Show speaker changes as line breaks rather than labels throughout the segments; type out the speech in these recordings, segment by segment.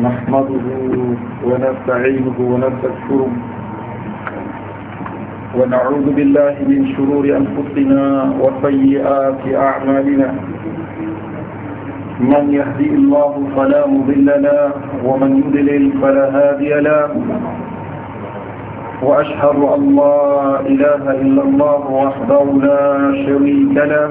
نحمده ونستعينه ونستشكره ونعوذ بالله من شرور أنفسنا وسيئات أعمالنا من يهدي الله فلا مضل له ومن يضلل فلا هادي له وأشهد أن لا إله إلا الله وحده لا شريك له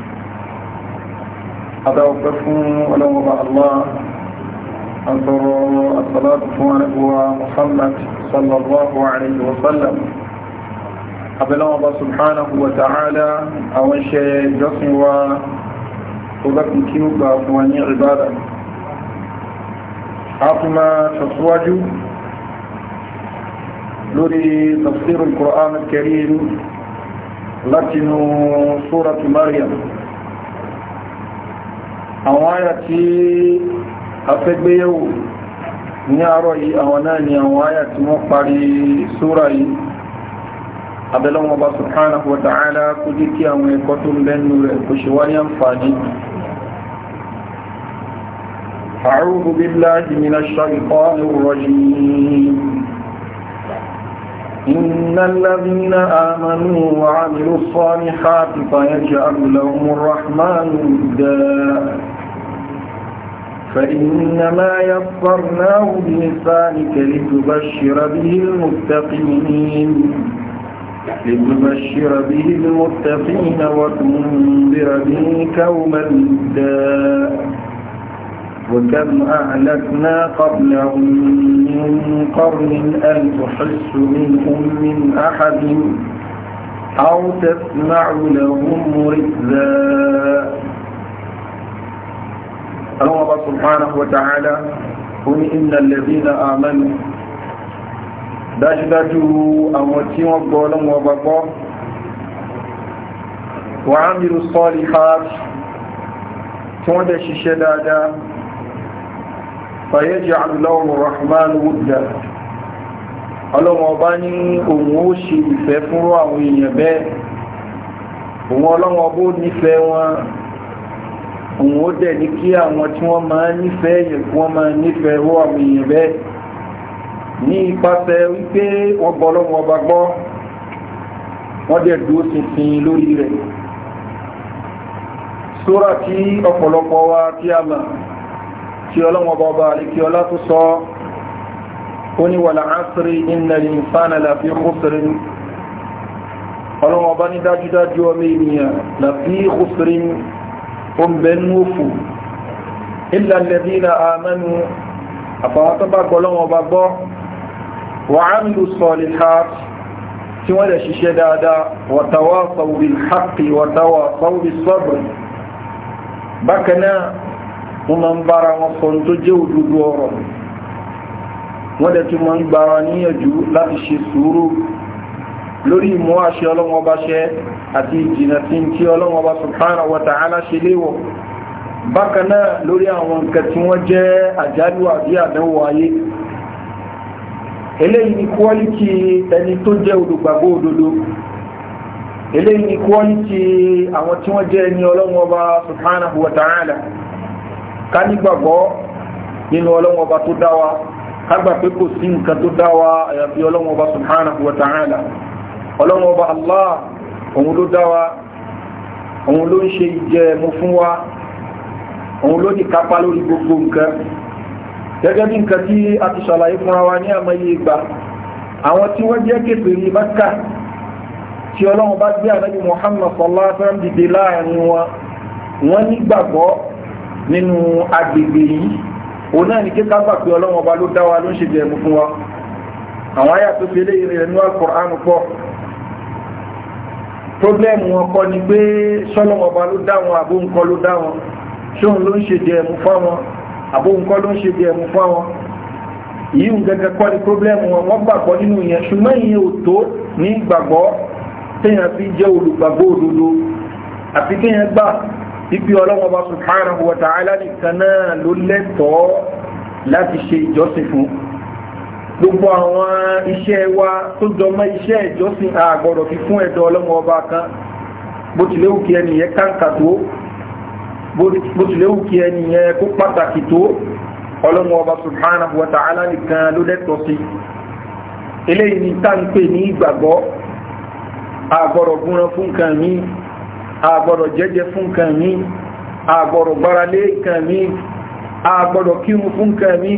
أدعوك فون ولو الله أنظر الصلاة فون محمد صلى الله عليه وسلم أبلا الله سبحانه وتعالى أول شيء جسم و وذكر كيوبا فواني عبادة أعطما تسواجه لوري تفسير القرآن الكريم لكن سورة مريم àwọn àyà tí a fẹ́ gbé yẹ̀wò ní àárọ̀ yìí àwọn náà ni àwọn àyà tí wọ́n parí súra yìí abẹ́lọ́wọ́n bá subhanahu wa ta'ala kó jẹ́ kí àwọn ẹ̀kọ́ tó ń bẹ́nu rẹ̀ kò ṣe wá إن الذين آمنوا وعملوا الصالحات فيجعل لهم الرحمن وداء فإنما يسرناه بلسانك لتبشر به المتقين لتبشر به المتقين وتنذر به كوما لدا وكم أهلكنا قبلهم من قرن أن تحس منهم من أحد أو تسمع لهم رئذا ọlọ́wọ́ bá subhanahu wa ta'ala ó ní innal ladhina amanu dájúdájú àwọn tí wọ́n gbọ́ ọlọ́wọ́ bá gbọ́ wa amilu salihat tí wọ́n dẹ̀ ṣiṣẹ́ dáadáa fayaj'alu lahum rahman wudda òun ó dẹ̀ ní kí àwọn tí wọ́n máa nífẹ̀ẹ́ yẹn kí wọ́n máa nífẹ̀ẹ́ wọ́n àwọn èèyàn bẹ́ẹ̀ ní ipasẹ̀ wípé wọ́n gbọ́ lọ́wọ́ ọba gbọ́ wọ́n dẹ̀ dúró ṣinṣin lórí rẹ̀ sóra tí ọ̀pọ̀lọpọ̀ wa tí a mọ̀ tí ọlọ́wọ́ ọba ọba àríkí ọlá tó sọ ó ní wàlà ásírí innal insana lafi khusr ọlọ́wọ́ ọba ní dájúdájú ọmọ ènìyàn lafi khusr ó ń bẹ nú òfò illa alladhina amanu àfàwọn tó bá gbọ́ lọ́wọ́ bá gbọ́ wa amilu salihat tí wọ́n lè ṣiṣẹ́ dáadáa wa tawasaw bil haqqi wa tawasaw bis sabr wọ́n máa ń bára wọn sọ tó jẹ́ òdodo ọ̀rọ̀ wọ́n lè tún máa gbára níyànjú láti ṣe sùúrù lórí ìmú àṣẹ ọlọ́wọ́ bá ṣẹ́ àti ìjìnà tí ń tí ọlọ́run ọba subhanahu wa ta'ala ṣe léwọ̀ bákan náà lórí àwọn nǹkan tí wọ́n jẹ́ àjálù àbí àdánwò ayé eléyìí ni kúọ́lìtì ẹni tó jẹ́ olùgbàgbọ́ òdodo eléyìí ni kúọ́lìtì àwọn tí wọ́n jẹ́ ẹni ọlọ́run ọba subhanahu wa ta'ala nínú ọlọ́run tó dá kágbà pé kò sí nǹkan tó dá wa àyàfi ọlọ́run ọba subhanahu wa allah òun ló dá wa òun ló ń ṣe ìjẹ mu fún wa òun ló ní kápá lórí gbogbo nǹkan gẹ́gẹ́ bí nǹkan tí a ti ṣàlàyé fúnra wa ní àmọye ìgbà àwọn tí wọ́n jẹ́ kèfèrí Mákà tí ọlọ́run bá gbé ànábì Muhammad sallallahu alaihi wasallam dìde láàrin wọn wọ́n nígbàgbọ́ nínú agbègbè yìí òun náà ní kíkà gbà pé ọlọ́run ọba wa ló ń ṣe jẹ̀mú fún wa àwọn àyà tó problem wọn kọ́ ni pé sọ́lọ́ ọba ló dá wọn àbó nǹkan ló dá wọn ṣóun ló ń ṣe dẹ̀ẹ̀mú fáwọn àbó nǹkan ló ń ṣe dẹ̀ẹ̀mú fáwọn yìí ń gẹ́gẹ́ kọ́ ni problem wọn wọ́n gbàgbọ́ nínú yẹn ṣùgbọ́n ìyẹn ò tó ní gbàgbọ́ téèyàn fi jẹ́ olùgbàgbọ́ òdodo àti téèyàn gbà ibi ọlọ́wọ́ bá subhanahu wa ta'ala nìkan náà ló lẹ́tọ̀ọ́ láti ṣe ìjọsìn fún un gbogbo àwọn iṣẹ́ wa tó jọmọ́ iṣẹ́ ìjọsìn àgbọ̀dọ̀ fi fún ẹ̀dọ̀ ọlọ́mọ ọba kan bó tilẹ̀ wù kí ẹnìyẹn kàǹkà tó bó tilẹ̀ wù kí ẹnìyẹn kó pàtàkì tó ọlọ́mọ ọba subhanahu wa ta'ala nìkan ló lẹ́tọ̀ọ́ sí eléyìí ní táǹpẹ̀ ní ìgbàgbọ́ àgbọ̀dọ̀ gúnran fún kan ní àgbọ̀dọ̀ jẹ́jẹ́ fún kan ní àgbọ̀dọ̀ gbáralé kan ní àgbọ̀dọ̀ kírun fún kan ní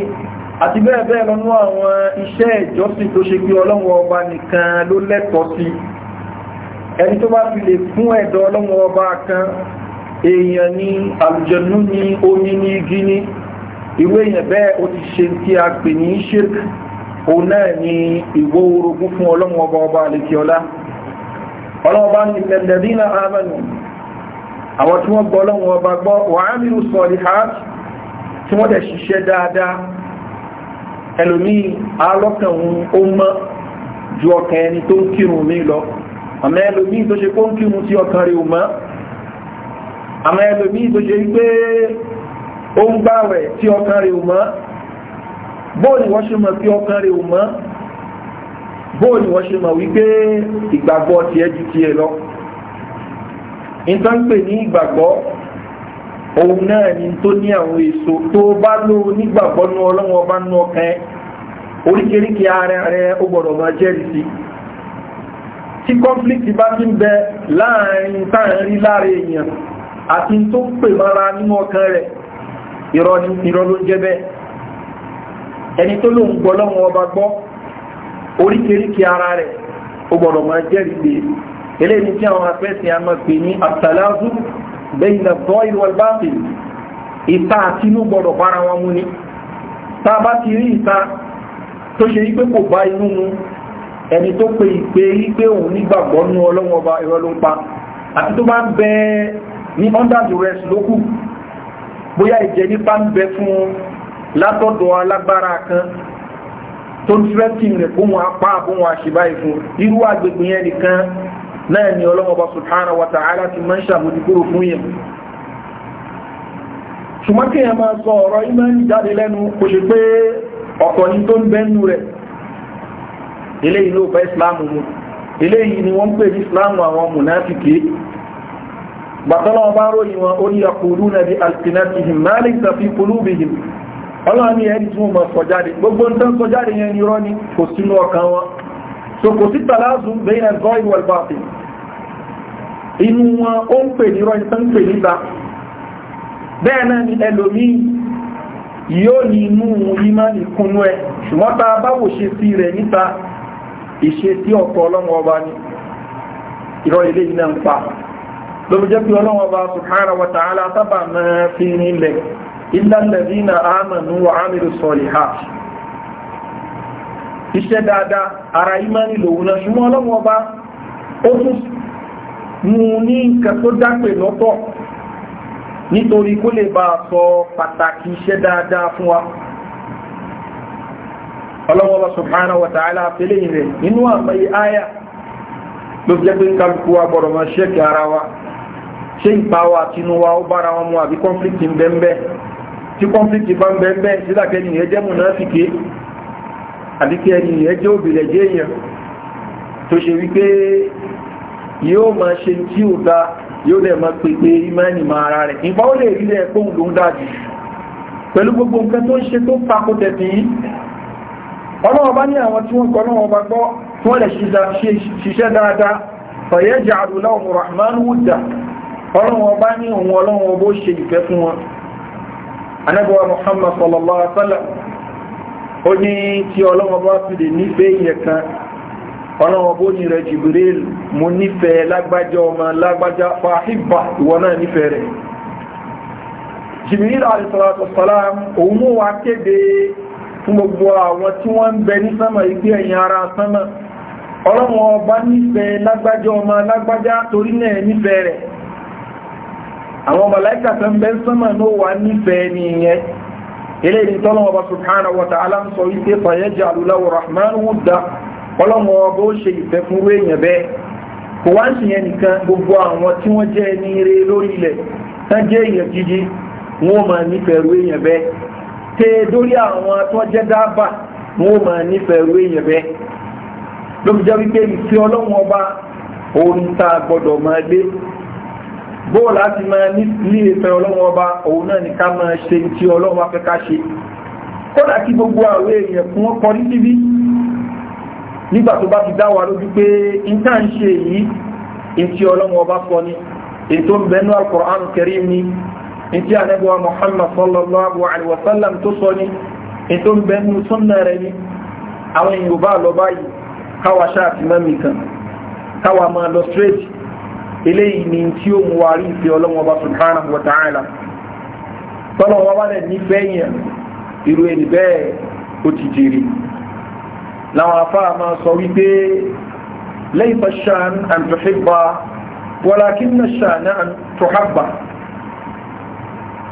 àti bẹ́ẹ̀ bẹ́ẹ̀ lọ́nú àwọn iṣẹ́ ìjọsìn tó ṣe pé ọlọ́run ọba nìkan ló lẹ́tọ̀ọ́ sí ẹni tó bá fi lè fún ẹ̀dọ̀ ọlọ́run ọba kan èèyàn ni àlùjẹ̀nú ni omi ni igi ni ìwé èèyàn bẹ́ẹ̀ ó ti ṣe tí a pè ní ṣírk òun náà ni ìwó orogún fún ọlọ́run ọba ọba àlekíọlá ọlọ́run ọba ní lẹ́lẹ́dínà amẹ́nu àwọn tí wọ́n gbọ́ ọlọ́run ọba gbọ́ wàhámìlú sọ̀rí hàt tí wọ́n dẹ̀ ṣiṣẹ́ dáadáa ẹlòmí alọ́kàn ó mọ́ ju ọkàn ẹni tó ń kírun mi lọ àmọ́ ẹlòmí tó ṣe kó ń kírun sí ọkàn rẹ̀ ò mọ́ àmọ́ ẹlòmí tó ṣe pé ó ń gbàwẹ̀ tí ọkàn rẹ̀ ò mọ́ bóò ni wọ́n ṣe mọ̀ tí ọkàn rẹ̀ ò mọ́ bóò ni wọ́n ṣe mọ̀ wípé ìgbàgbọ́ tiẹ̀ ju tiẹ̀ lọ òun náà ni tó ní àwọn èso tó bá ló nígbàgbọ́ nú ọlọ́wọ́ bá ọkàn ẹ oríkèríkè ara rẹ ó gbọ́dọ̀ máa jẹ́rìí sí tí conflict bá ti ń bẹ láàrin táàrin lára èèyàn àti tó pè mara nínú ọkàn ara rẹ̀ ó máa eléyìí tí àwọn afẹ́sìn a máa pè bẹ́yìn lọ́dọ́ ìwọ̀n báàbì ìta àti inú gbọ́dọ̀ bára wọn mú ni tá a bá ti rí ìta tó ṣe wípé kò bá inú mu ẹni tó pe ìpè wípé òun nígbàgbọ́ nú ọlọ́wọ́n ọba irọ́ ló ń pa àti tó bá ń bẹ ní under duress ló bóyá ìjẹ nípa ń bẹ fún látọ̀dọ̀ alágbára kan tó ń tírẹ́tì rẹ̀ fún wọn apá àbúwọn àṣìbáyé fún irú àgbègbè yẹn nìkan náà ni ọlọ́mọba subhanahu wa ta'ala ti máa ń ṣàbòdì kúrò fún yẹn ṣùgbọ́n kí yẹn máa sọ ọ̀rọ̀ ìmánì jáde lẹ́nu kò ṣe pé ọ̀tọ̀ ni tó ń bẹ́nu rẹ̀ eléyìí ló ìsìláàmù mu ni wọ́n pè ní ìsìláàmù àwọn ròyìn wọn ó ní ọkùnrin náà alfinatihim máa lè sàfi ọlọ́run ẹni tí wọ́n máa sọ jáde gbogbo ń tán sọ jáde yẹn ni ni kò so kò sí tàlázùn bẹ́yìn ẹ̀gọ́ ìwọ̀ ìbáfẹ́ inú wọn ó ń pè nírọ́ ìtàn ń pè níta bẹ́ẹ̀ náà ni ẹlòmí yóò ní inú ìmá ìkúnnú ẹ ṣùgbọ́n ta báwò ṣe sí rẹ̀ níta ìṣe tí ọ̀pọ̀ ọlọ́wọ́ ọba ni ìrọ̀ ilé iná ń pa lóbi iṣẹ́ dáadáa ara imani lòun náà ṣùgbọ́n ọlọ́wọ́ bá ó tún mú ní nǹkan tó dápè lọ́tọ̀ nítorí kó lè bá sọ pàtàkì iṣẹ́ dáadáa fún wa ọlọ́wọ́ bá subhanahu wa ta'ala fẹ́lẹ̀ rẹ̀ nínú àmàyí ayà ló jẹ́ pé àbí kí ẹni yẹn jẹ́ obìnrin jẹ́ èèyàn tó ṣe wípé yóò máa ṣe tí ò dá yóò lè máa pèpè ìmánì máa ara rẹ̀ nípa ó lè rí lẹ́ pé òun ló ń dájú pẹ̀lú gbogbo nǹkan tó ń ṣe tó tako tẹ̀sí ọlọ́wọ́ bá ní àwọn tí wọ́n kọ́ bá gbọ́ ó ní tí ọlọ́wọ́ fi lè nífẹ̀ẹ́ ìyẹn kan ní rẹ̀ Jibril mo nífẹ̀ẹ́ lágbájá ọmọ lágbájá fàáhìbà ìwọ náà nífẹ̀ẹ́ rẹ̀ Jibril alayhisalatu àwọn tí wọ́n ń bẹ sánmà ìgbé ẹ̀yìn ni ìyẹn eléyìí tọ́lọ́ ọba subhanahu wa ta'ala ń sọ wípé fàyẹ́jà alúláwọ̀ rahman wùdá ọlọ́mọ ọba ó ṣe ìfẹ́ fún wéèyàn bẹ́ẹ̀ kò wá ń ṣìyẹn nìkan gbogbo àwọn tí wọ́n jẹ́ ní eré lórí ilẹ̀ tán jẹ́ èèyàn jíjí wọn ò máa nífẹ̀ẹ́ bẹ́ẹ̀ tẹ dórí àwọn tó jẹ́ dábà wọn ò máa nífẹ̀ẹ́ bẹ́ẹ̀ fi bóò láti máa ní ìfẹ́ ọlọ́wọ́ ọba òun náà ní ká máa ṣe tí ọlọ́wọ́ afẹ́ ká ṣe kódà kí gbogbo àwọn èèyàn fún wọn kọrí síbí nígbà tó bá ti dá wa lójú pé nǹkan ń ṣe yìí ètí ọlọ́wọ́ Muhammad sallallahu alaihi wa sallam tó sọ ni sunna rẹ̀ ni àwọn èèyàn bá lọ báyìí káwa ṣáà ti mẹ́mì máa lọ straight eléyìí ni tí ó mú wa rí ìfẹ́ ọlọ́wọ́n bá subhanahu wa ta'ala tọ́lọ̀ wọn bá lẹ̀ nífẹ̀ẹ́ yẹn irú ẹni bẹ́ẹ̀ ó ti jèrè làwọn afáà máa sọ wípé laysa ash-shan an tuhibba walakin ash-shan an tuhabba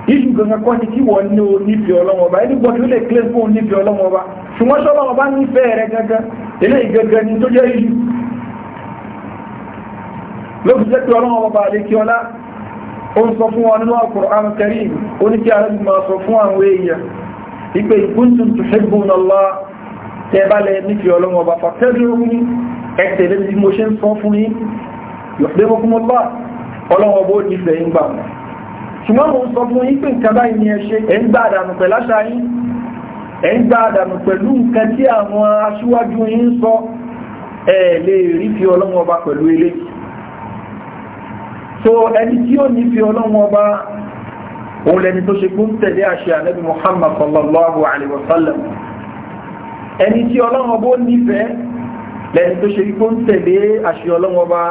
iṣu gangan kọ́ ni kí wọ́n ní o nífẹ̀ẹ́ ọlọ́wọ́ ọba ẹni gbọ́dọ̀ lè kílẹ̀ fún o nífẹ̀ẹ́ ọlọ́wọ́ ọba ṣùgbọ́n ṣọlọ́wọ́ ọba nífẹ̀ẹ́ rẹ gangan eléyìí gangan ni tó jẹ́ iṣu ló fi jẹ́ pé ọlọ́wọ́ bàbá àlékí ọlá ó ń sọ fún wa nínú Al-Qur'an Karim ó ní kí àrẹ́bì máa sọ fún àwọn èèyàn ipe ìkúntùn tuhibbuna Allah tẹ́bálẹ̀ nífi ọlọ́wọ́ bàbá fẹ́rẹ̀rún ẹ̀tẹ̀lẹ́ bí mo ṣe ń sọ fún yín yuhibbukumullah ọlọ́wọ́ bó nífẹ̀ẹ́ ń gbà wọn ṣùgbọ́n mo ń sọ fún yín pé nǹkan báyìí ni ẹ ẹ̀ ń gbà àdànù pẹ̀lú ń gbà tí àwọn aṣíwájú yín sọ ẹ̀ lè rí fi so ẹni tí ó ní fi ọlọ́run ọba òun lẹni tó ṣe kú tẹ̀lé àṣẹ ànábì muhammad sallallahu alayhi wa ẹni tí ọlọ́run ọba ó nífẹ̀ẹ́ lẹni tó ṣe kú tẹ̀lé àṣẹ ọlọ́run ọba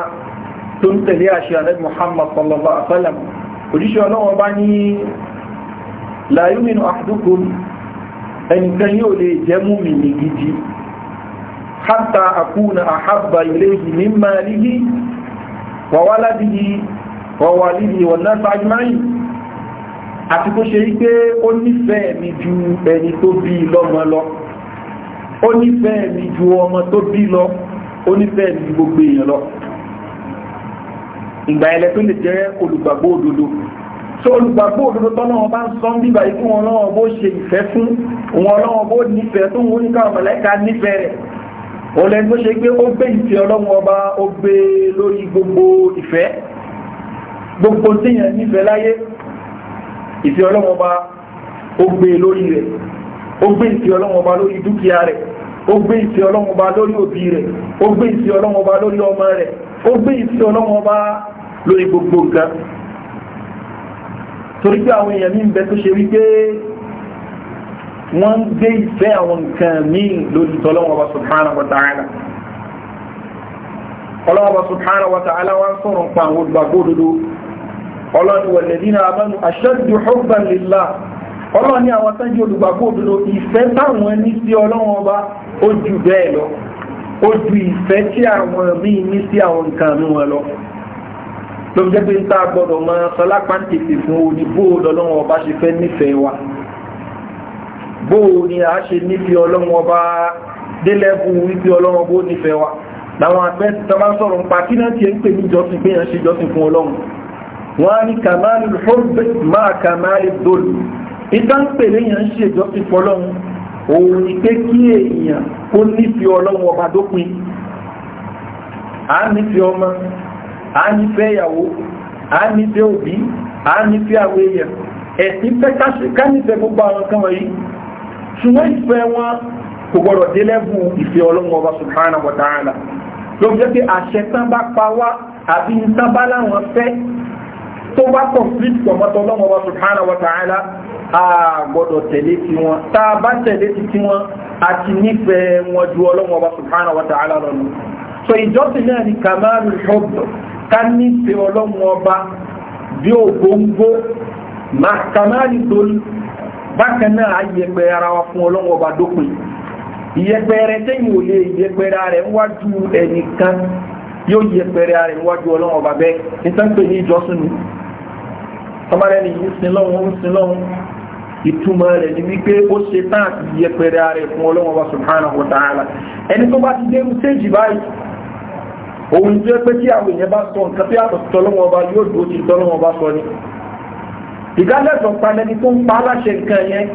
tó ń tẹ̀lé àṣẹ ànábì muhammad sallallahu alayhi wa òjíṣẹ́ ọlọ́run ọba ní la yuminu ẹnìkan yóò lè jẹ́ mùmínì gidi hatta akuna ahabba ilayhi mimma lihi wa waladihi wọ́n wà níbi ìwọ̀n náà sáájú máyì àti kó ṣe wípé ó nífẹ̀ẹ́ mi ju ẹni tó bí lọ́mọ lọ ó nífẹ̀ẹ́ mi ju ọmọ tó bí lọ ó nífẹ̀ẹ́ mi ju gbogbo èèyàn lọ ìgbà ẹlẹ́ tó lè jẹ́ olùgbàgbọ́ òdodo so olùgbàgbọ́ òdodo tọ́nà ọba ń sọ ń bíbà yìí fún wọn bó ṣe ìfẹ́ fún wọn lọ́wọ́ bó nífẹ̀ẹ́ tó ń wọ́n níkà mọ̀lẹ́ka rẹ̀ ó tó ṣe pé ó gbé ìfẹ́ ọlọ́wọ́ ọba ó gbé lórí gbogbo ìfẹ́ gbogbo tíyàn nífẹ̀ẹ́ láyé ìfẹ́ ọlọ́wọ́ bá ó gbé e lórí rẹ̀ ó gbé ìfẹ́ ọlọ́wọ́ bá lórí dúkìá rẹ̀ ó gbé ìfẹ́ ọlọ́wọ́ bá lórí òbí rẹ̀ ó gbé ìfẹ́ ọlọ́wọ́ bá lórí ọmọ rẹ̀ ó gbé ìfẹ́ ọlọ́wọ́ bá lórí gbogbo nǹkan torí pé àwọn èèyàn mi ń bẹ tó ṣe wípé wọ́n ń gbé ìfẹ́ àwọn nǹkan míì lórí tọ́lọ́wọ́ bá subhanahu wa ta'ala ọlọ́wọ́ bá subhanahu wa ta'ala wọ́n sọ̀rọ̀ pa àwọn olùgbàgbọ́ òdodo ọlọ́ni walladhina amanu ashaddu hubban lillah ọlọ́ni àwọn tánjú olùgbàgbọ́ òdodo ìfẹ́ táwọn ẹni sí ọlọ́wọ́n ọba ó ju bẹ́ẹ̀ lọ ó ju ìfẹ́ tí àwọn míì ní sí àwọn nǹkan mi wọn lọ ló jẹ́ pé ń tá a gbọ́dọ̀ mọ sọlá pàǹtẹ̀tẹ̀ fún oníbó lọ́lọ́wọ́n ọba ṣe fẹ́ nífẹ̀ẹ́ wa bóò ni wọ́n ní kàmáàlì hubbi máa kàmáàlì dòlù ìtàn pèlè yẹn ń ṣèjọ́ sí fọlọ́run òun ni pé kí èèyàn kó nífẹ̀ẹ́ ni ọba dópin à ń nífẹ̀ẹ́ ọmọ à ń nífẹ̀ẹ́ ìyàwó à ń nífẹ̀ẹ́ òbí à ń nífẹ̀ẹ́ àwọn èèyàn ẹ̀sìn fẹ́ ká nífẹ̀ẹ́ gbogbo àwọn kan wọ̀nyí ṣùgbọ́n ìfẹ́ wọn kò gbọ́dọ̀ dé lẹ́bù ìfẹ́ ọlọ́run ọba subhanahu wa ta'ala ló jẹ́ pé àṣẹ tán bá pa wá àbí ń tán láwọn fẹ́ tó bá complete pọ̀mọ́tọ́ lọ́wọ́ wa subhanahu wa ta'ala a gbọ́dọ̀ tẹ̀lé ti wọn tá a bá tẹ̀lé ti ti wọn a ti nífẹ̀ẹ́ wọn ju ọlọ́wọ́ wa subhanahu wa ta'ala lọ nù. so ìjọsìn náà ni kamalu hubb ká nífẹ̀ẹ́ ọlọ́wọ́ ọba bí ògbóngbó kamalu dol bákan náà a yẹpẹ ara wa fún ọlọ́wọ́ ọba dópin ìyẹpẹ rẹ tẹ́yìn ò lè yẹpẹ rẹ wájú ẹnìkan yóò yẹ pẹ̀rẹ̀ ara ìwájú ọlọ́run ọba bẹ́ẹ̀ nítorí ní ìjọsìn ni ọmọdé ni yìí sin lọ́wọ́ ń sin lọ́wọ́ ìtumọ̀ rẹ̀ ni wípé ó ṣe tán àti yẹ pẹ̀rẹ̀ ara ìfún ọlọ́run ọba subhanahu wa ta'ala ẹni tó bá ti dé irú séjì báyìí òun tó pé tí àwọn èèyàn bá sọ nǹkan tí àtọ̀ tọ́lọ́wọ́ ọba yóò dúró ti tọ́lọ́wọ́ ọba sọ ni regardless of ẹni tó ń pa aláṣẹ nǹkan yẹn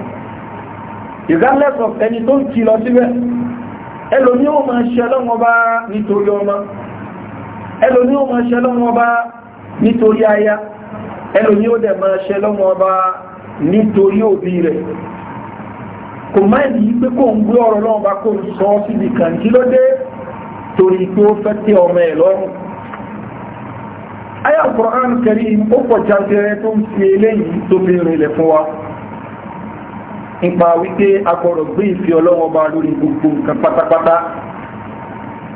regardless ẹni tó ń kìlọ̀ síbẹ̀ ẹlòmí ó máa ṣe ọlọ́run ọba nítorí ọmọ ẹlòmí o máa ṣe lọ́wọ́ bá nítorí aya ẹlòmí ó dẹ̀ máa ṣe lọ́wọ́ bá nítorí òbí rẹ̀ kò má yìí pé kò ń gbé ọ̀rọ̀ lọ́wọ́ bá kò ń sọ síbi kan kí ló dé torí pé ó fẹ́ tẹ ọmọ ẹ̀ lọ́rùn aya Al-Qur'an Karim ó pọ̀ jágẹrẹ tó ń fi eléyìí tó fi rìnlẹ̀ fún wa nípa wípé a gbé ìfẹ́ ọlọ́wọ́ bá lórí gbogbo nǹkan pátápátá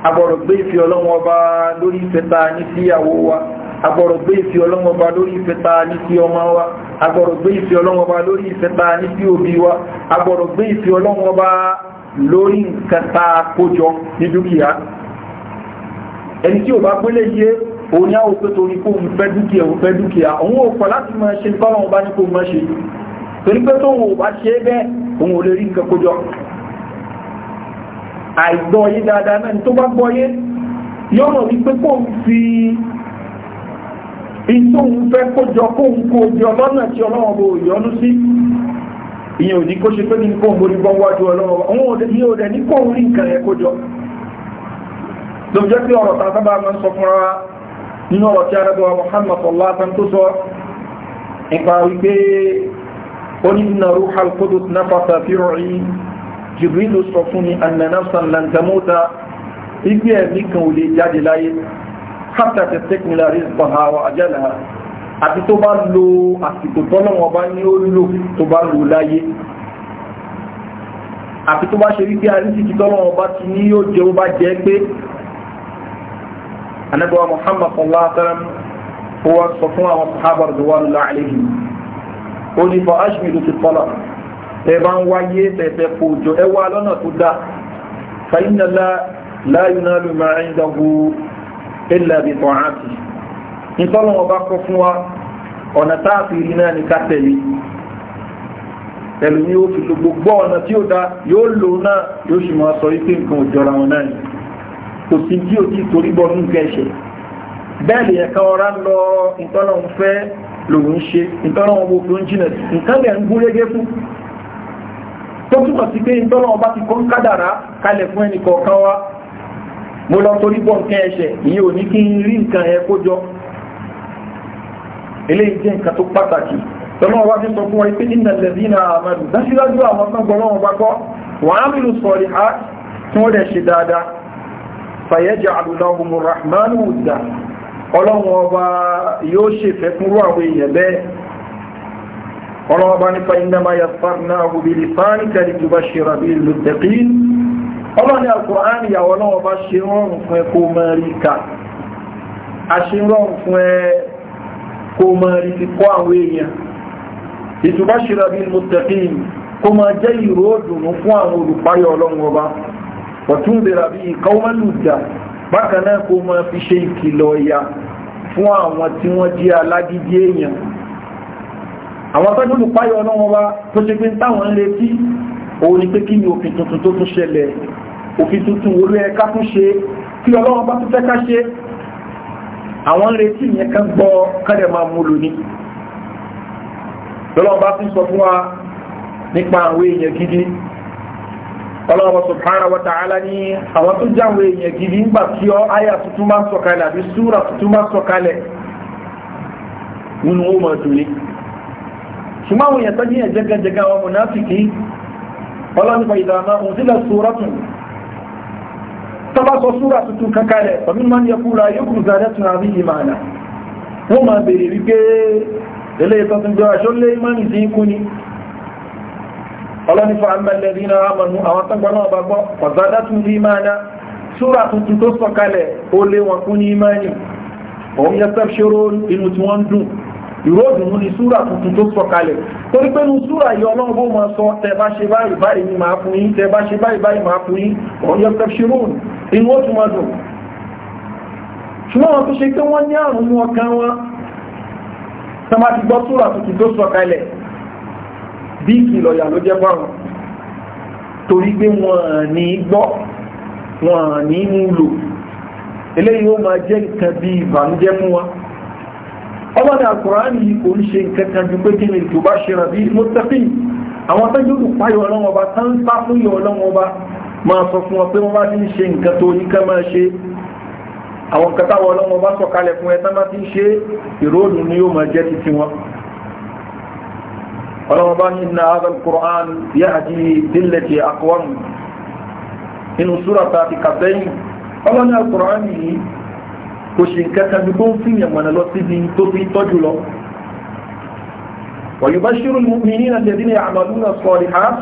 agbọ̀rọ̀ gbé ìfẹ́ ọlọ́wọ́ ọba lórí ìfẹ́ta ní síyàwó wa agbọ̀rọ̀ gbé ìfẹ́ ọlọ́wọ́ ọba lórí ìfẹ́ta ní sí ọmọ wa agbọ̀rọ̀ gbé ìfẹ́ ọlọ́wọ́ ọba lórí ìfẹ́ta ní sí òbí wa agbọ̀rọ̀ gbé ìfẹ́ ọlọ́wọ́ ọba lórí nkẹta kójọ ní dúkìá ẹni tí ò bá gbélé yé òun ní àwọn òpètò orí kó fẹ́ dúkìá òun fẹ́ dúkìá òun ò pọ̀ láti máa ṣe nǹkan ọba ní kó máa ṣe torí pé tóun ò bá ṣe é bẹ́ẹ̀ òun ò lè rí nǹkan kójọ àìgbọ́ yé dáadáa náà tó bá gbọ́ yé yóò mọ̀ wípé kó ń fi ìtò ń fẹ́ kójọ kó ń kó jọ lọ́nà tí ọlọ́run bò yọnu sí ìyẹn ò ní kó ṣe pé ní kó ń borí bọ́ wájú ọlọ́run òun ò ní ò dẹ̀ ní kó ń rí nǹkan yẹn kójọ jìbìlù sọ fún mi ànàná sàlàǹtàmọ́ta igbe ẹ̀mí kan ò lè jáde láyé kápítà tẹ̀sẹ̀ kìnnìlá rí pàhà àwọn àjálà àti tó bá lo àsìkò tọ́lọ́wọ́ bá ní ó lò tó bá lò láyé àti tó bá ṣe wípé àríṣìkì tọ́lọ́wọ́ bá ti ní yóò jẹ́ ó bá jẹ́ pé anábọ́wà Muhammad sallallahu alaihi wasallam ó wá sọ fún àwọn sahaba rẹ̀ wà tẹ bá ń wáyé tẹ̀fẹ́ fòjò ẹ wá lọ́nà tó dá fàyínàlá láyúná ló máa ń dàgbò ilẹ̀ ìbọn àti nítọ́lọ́ ọba kọ fún wa ọ̀nà táàfi rí náà ní kátẹ̀lé ẹlòmí ó fi lo gbogbo ọ̀nà tí ó dá yóò lò náà yóò sì máa sọ wípé nǹkan ò wọn náà kò sí tí ó ti torí bọ́ nǹkan ẹ̀ṣẹ̀ bẹ́ẹ̀ lè ọ̀rá ń lọ ìtọ́lọ́ fẹ́ lòun ṣe ìtọ́lọ́ gbogbo ń jìnà nǹkan lẹ̀ ń gúnrégé fún tó túnmọ̀ sí pé ìtọ́lọ̀ ọba ti kó ń kádàrá kalẹ̀ fún ẹnì kọ̀ọ̀kan wa mo lọ torí bọ́ nǹkan ẹ̀ṣẹ̀ ìyẹn ò ní kí n rí nǹkan ẹ kó jọ eléyìí jẹ́ nǹkan tó pàtàkì tọ́lọ́ wa ti sọ fún wa pé nínú ẹ̀lẹ́bí náà àmàlù dáṣíwájú àwọn kan gbọ́ lọ́wọ́ bá gbọ́ wọ́n á sọ̀rí á tí wọ́n ṣe dáadáa fàyẹ́jà àlùdáhùn rahmanu wùdà ọlọ́run ọba yóò ṣèfẹ́ fúnrú àwọn èèyàn bẹ́ẹ̀ ọlọ́wọ́ bá nípa innama yasfarnahu bilisanika litubashshira bil muttaqin ọlọ́ni alkùránì ìyàwó ọlọ́wọ́ bá ṣe rọrùn fún ẹ kó máa rí ká a ṣe rọrùn fún ẹ kó máa rí ti kọ́ àwọn èèyàn litubashshira bil muttaqin kó máa jẹ́ ìró dùnú fún àwọn olùpáyọ̀ ọlọ́run àwọn tó dúdú páyọ ọlọ́wọ́ wá tó ṣe pé ń táwọn ń retí òun ni pé kí ni òfin tuntun tó tún ṣẹlẹ̀ òfin tuntun orí ẹ̀ka tún ṣe kí ọlọ́wọ́ bá tún fẹ́ ká ṣe àwọn ń retí yẹn kan gbọ́ kálẹ̀ máa mú lò ní lọ́lọ́wọ́ bá tún sọ fún wa nípa àwọn èèyàn gidi ọlọ́wọ́ subhanahu wa ta'ala ní àwọn tó jáwé èèyàn gidi ńgbà tí ọ áyà tuntun máa sọ̀kalẹ̀ àbí súrà tuntun máa sọ̀kalẹ̀ nínú ó mọ̀ dùn ní ṣùgbọ́n àwọn èèyàn tó ní ẹ̀jẹ̀gẹ̀jẹ̀gẹ̀ àwọn mùnáfìkì ọlọ́nípa ìdàmà òun sílẹ̀ sóòrọ́tún tó bá sọ súra tuntun kankalẹ̀ ọmọ ìmọ̀ ní ẹkùnra yóò kùn zàrẹ́ tún àbí ìmàna wọ́n máa bèèrè wípé ilé ìtọ́tún jọ àṣọ lé ìmọ̀nì sí ikú ni ọlọ́nípa àmàlẹ́rí náà ìró òdùnú ni súrà tuntun tó sọ kalẹ̀ torí pé nu súrà yìí ọlọ́run bó sọ tẹ ṣe báyìí báyìí ni màá fún yín tẹ bá ṣe báyìí báyìí màá fún yín ọ̀yọ́ pepsirone inú ó tún máa dùn ṣùgbọ́n wọn tó ṣe pé wọ́n ní àrùn mú ọkàn wọn tó máa ti gbọ́ súrà tuntun tó sọ bí ìkìlọ̀yà ló jẹ́ báwọn torí pé wọ́n ní gbọ́ wọ́n ní mú lò eléyìí ó máa jẹ́ nǹkan bí ìbànújẹ́ fún wọn ọlọ́dà kùránì yìí kò ń ṣe nǹkan ju pé kí ni tó bá ṣe ràbí mọ́tẹ́fì àwọn tẹ́jú olùpáyọ̀ ọlọ́wọ́ bá tán sá fún yọ ọlọ́wọ́ bá máa sọ fún wọn pé wọ́n bá ti ń ṣe nǹkan tó ní ká máa ṣe àwọn kẹta wọn ọlọ́wọ́ sọ kalẹ̀ fún ẹ tán ti ń ṣe ìrònú ni yóò máa jẹ́ títí wọn ọlọ́wọ́ ní iná adal kùrán yá àti délẹ̀ ti àkọwọ́n nínú súrà tàbí kàtẹ́yìn ọlọ́ni alkùrán yìí kò ṣe nǹkan kan bí tó ń fún yàn mọ̀nà lọ síbi tó fi tọ́jú lọ. wàyùbá ṣírù mu'minina alladhina ya'maluna salihat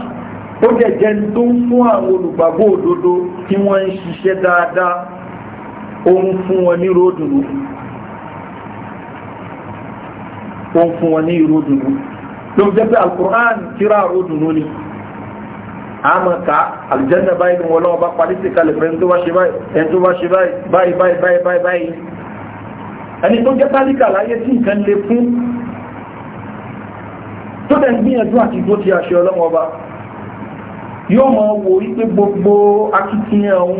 ó jẹ́ jẹ́ tó ń fún àwọn olùgbàgbọ́ òdodo tí wọ́n ń ṣiṣẹ́ dáadáa ó ń fún wọn ní ròdùnú ó ń fún wọn ní ròdùnú ló ń jẹ́ pé alukur'an kíra ròdùnú ni àmọ́ ká àlùjànnà báyìí wọn lọ́wọ́ bá parí sí kalẹ̀ pẹ̀lú tó wá ṣe báyìí báyìí báyìí báyìí ẹni tó jẹ́ tálíkà láyé tí nǹkan lè fún tó dẹ̀ ń gbìyànjú àti gbó ti àṣẹ ọlọ́wọ́ bá yóò mọ wo wípé gbogbo akitiyan òun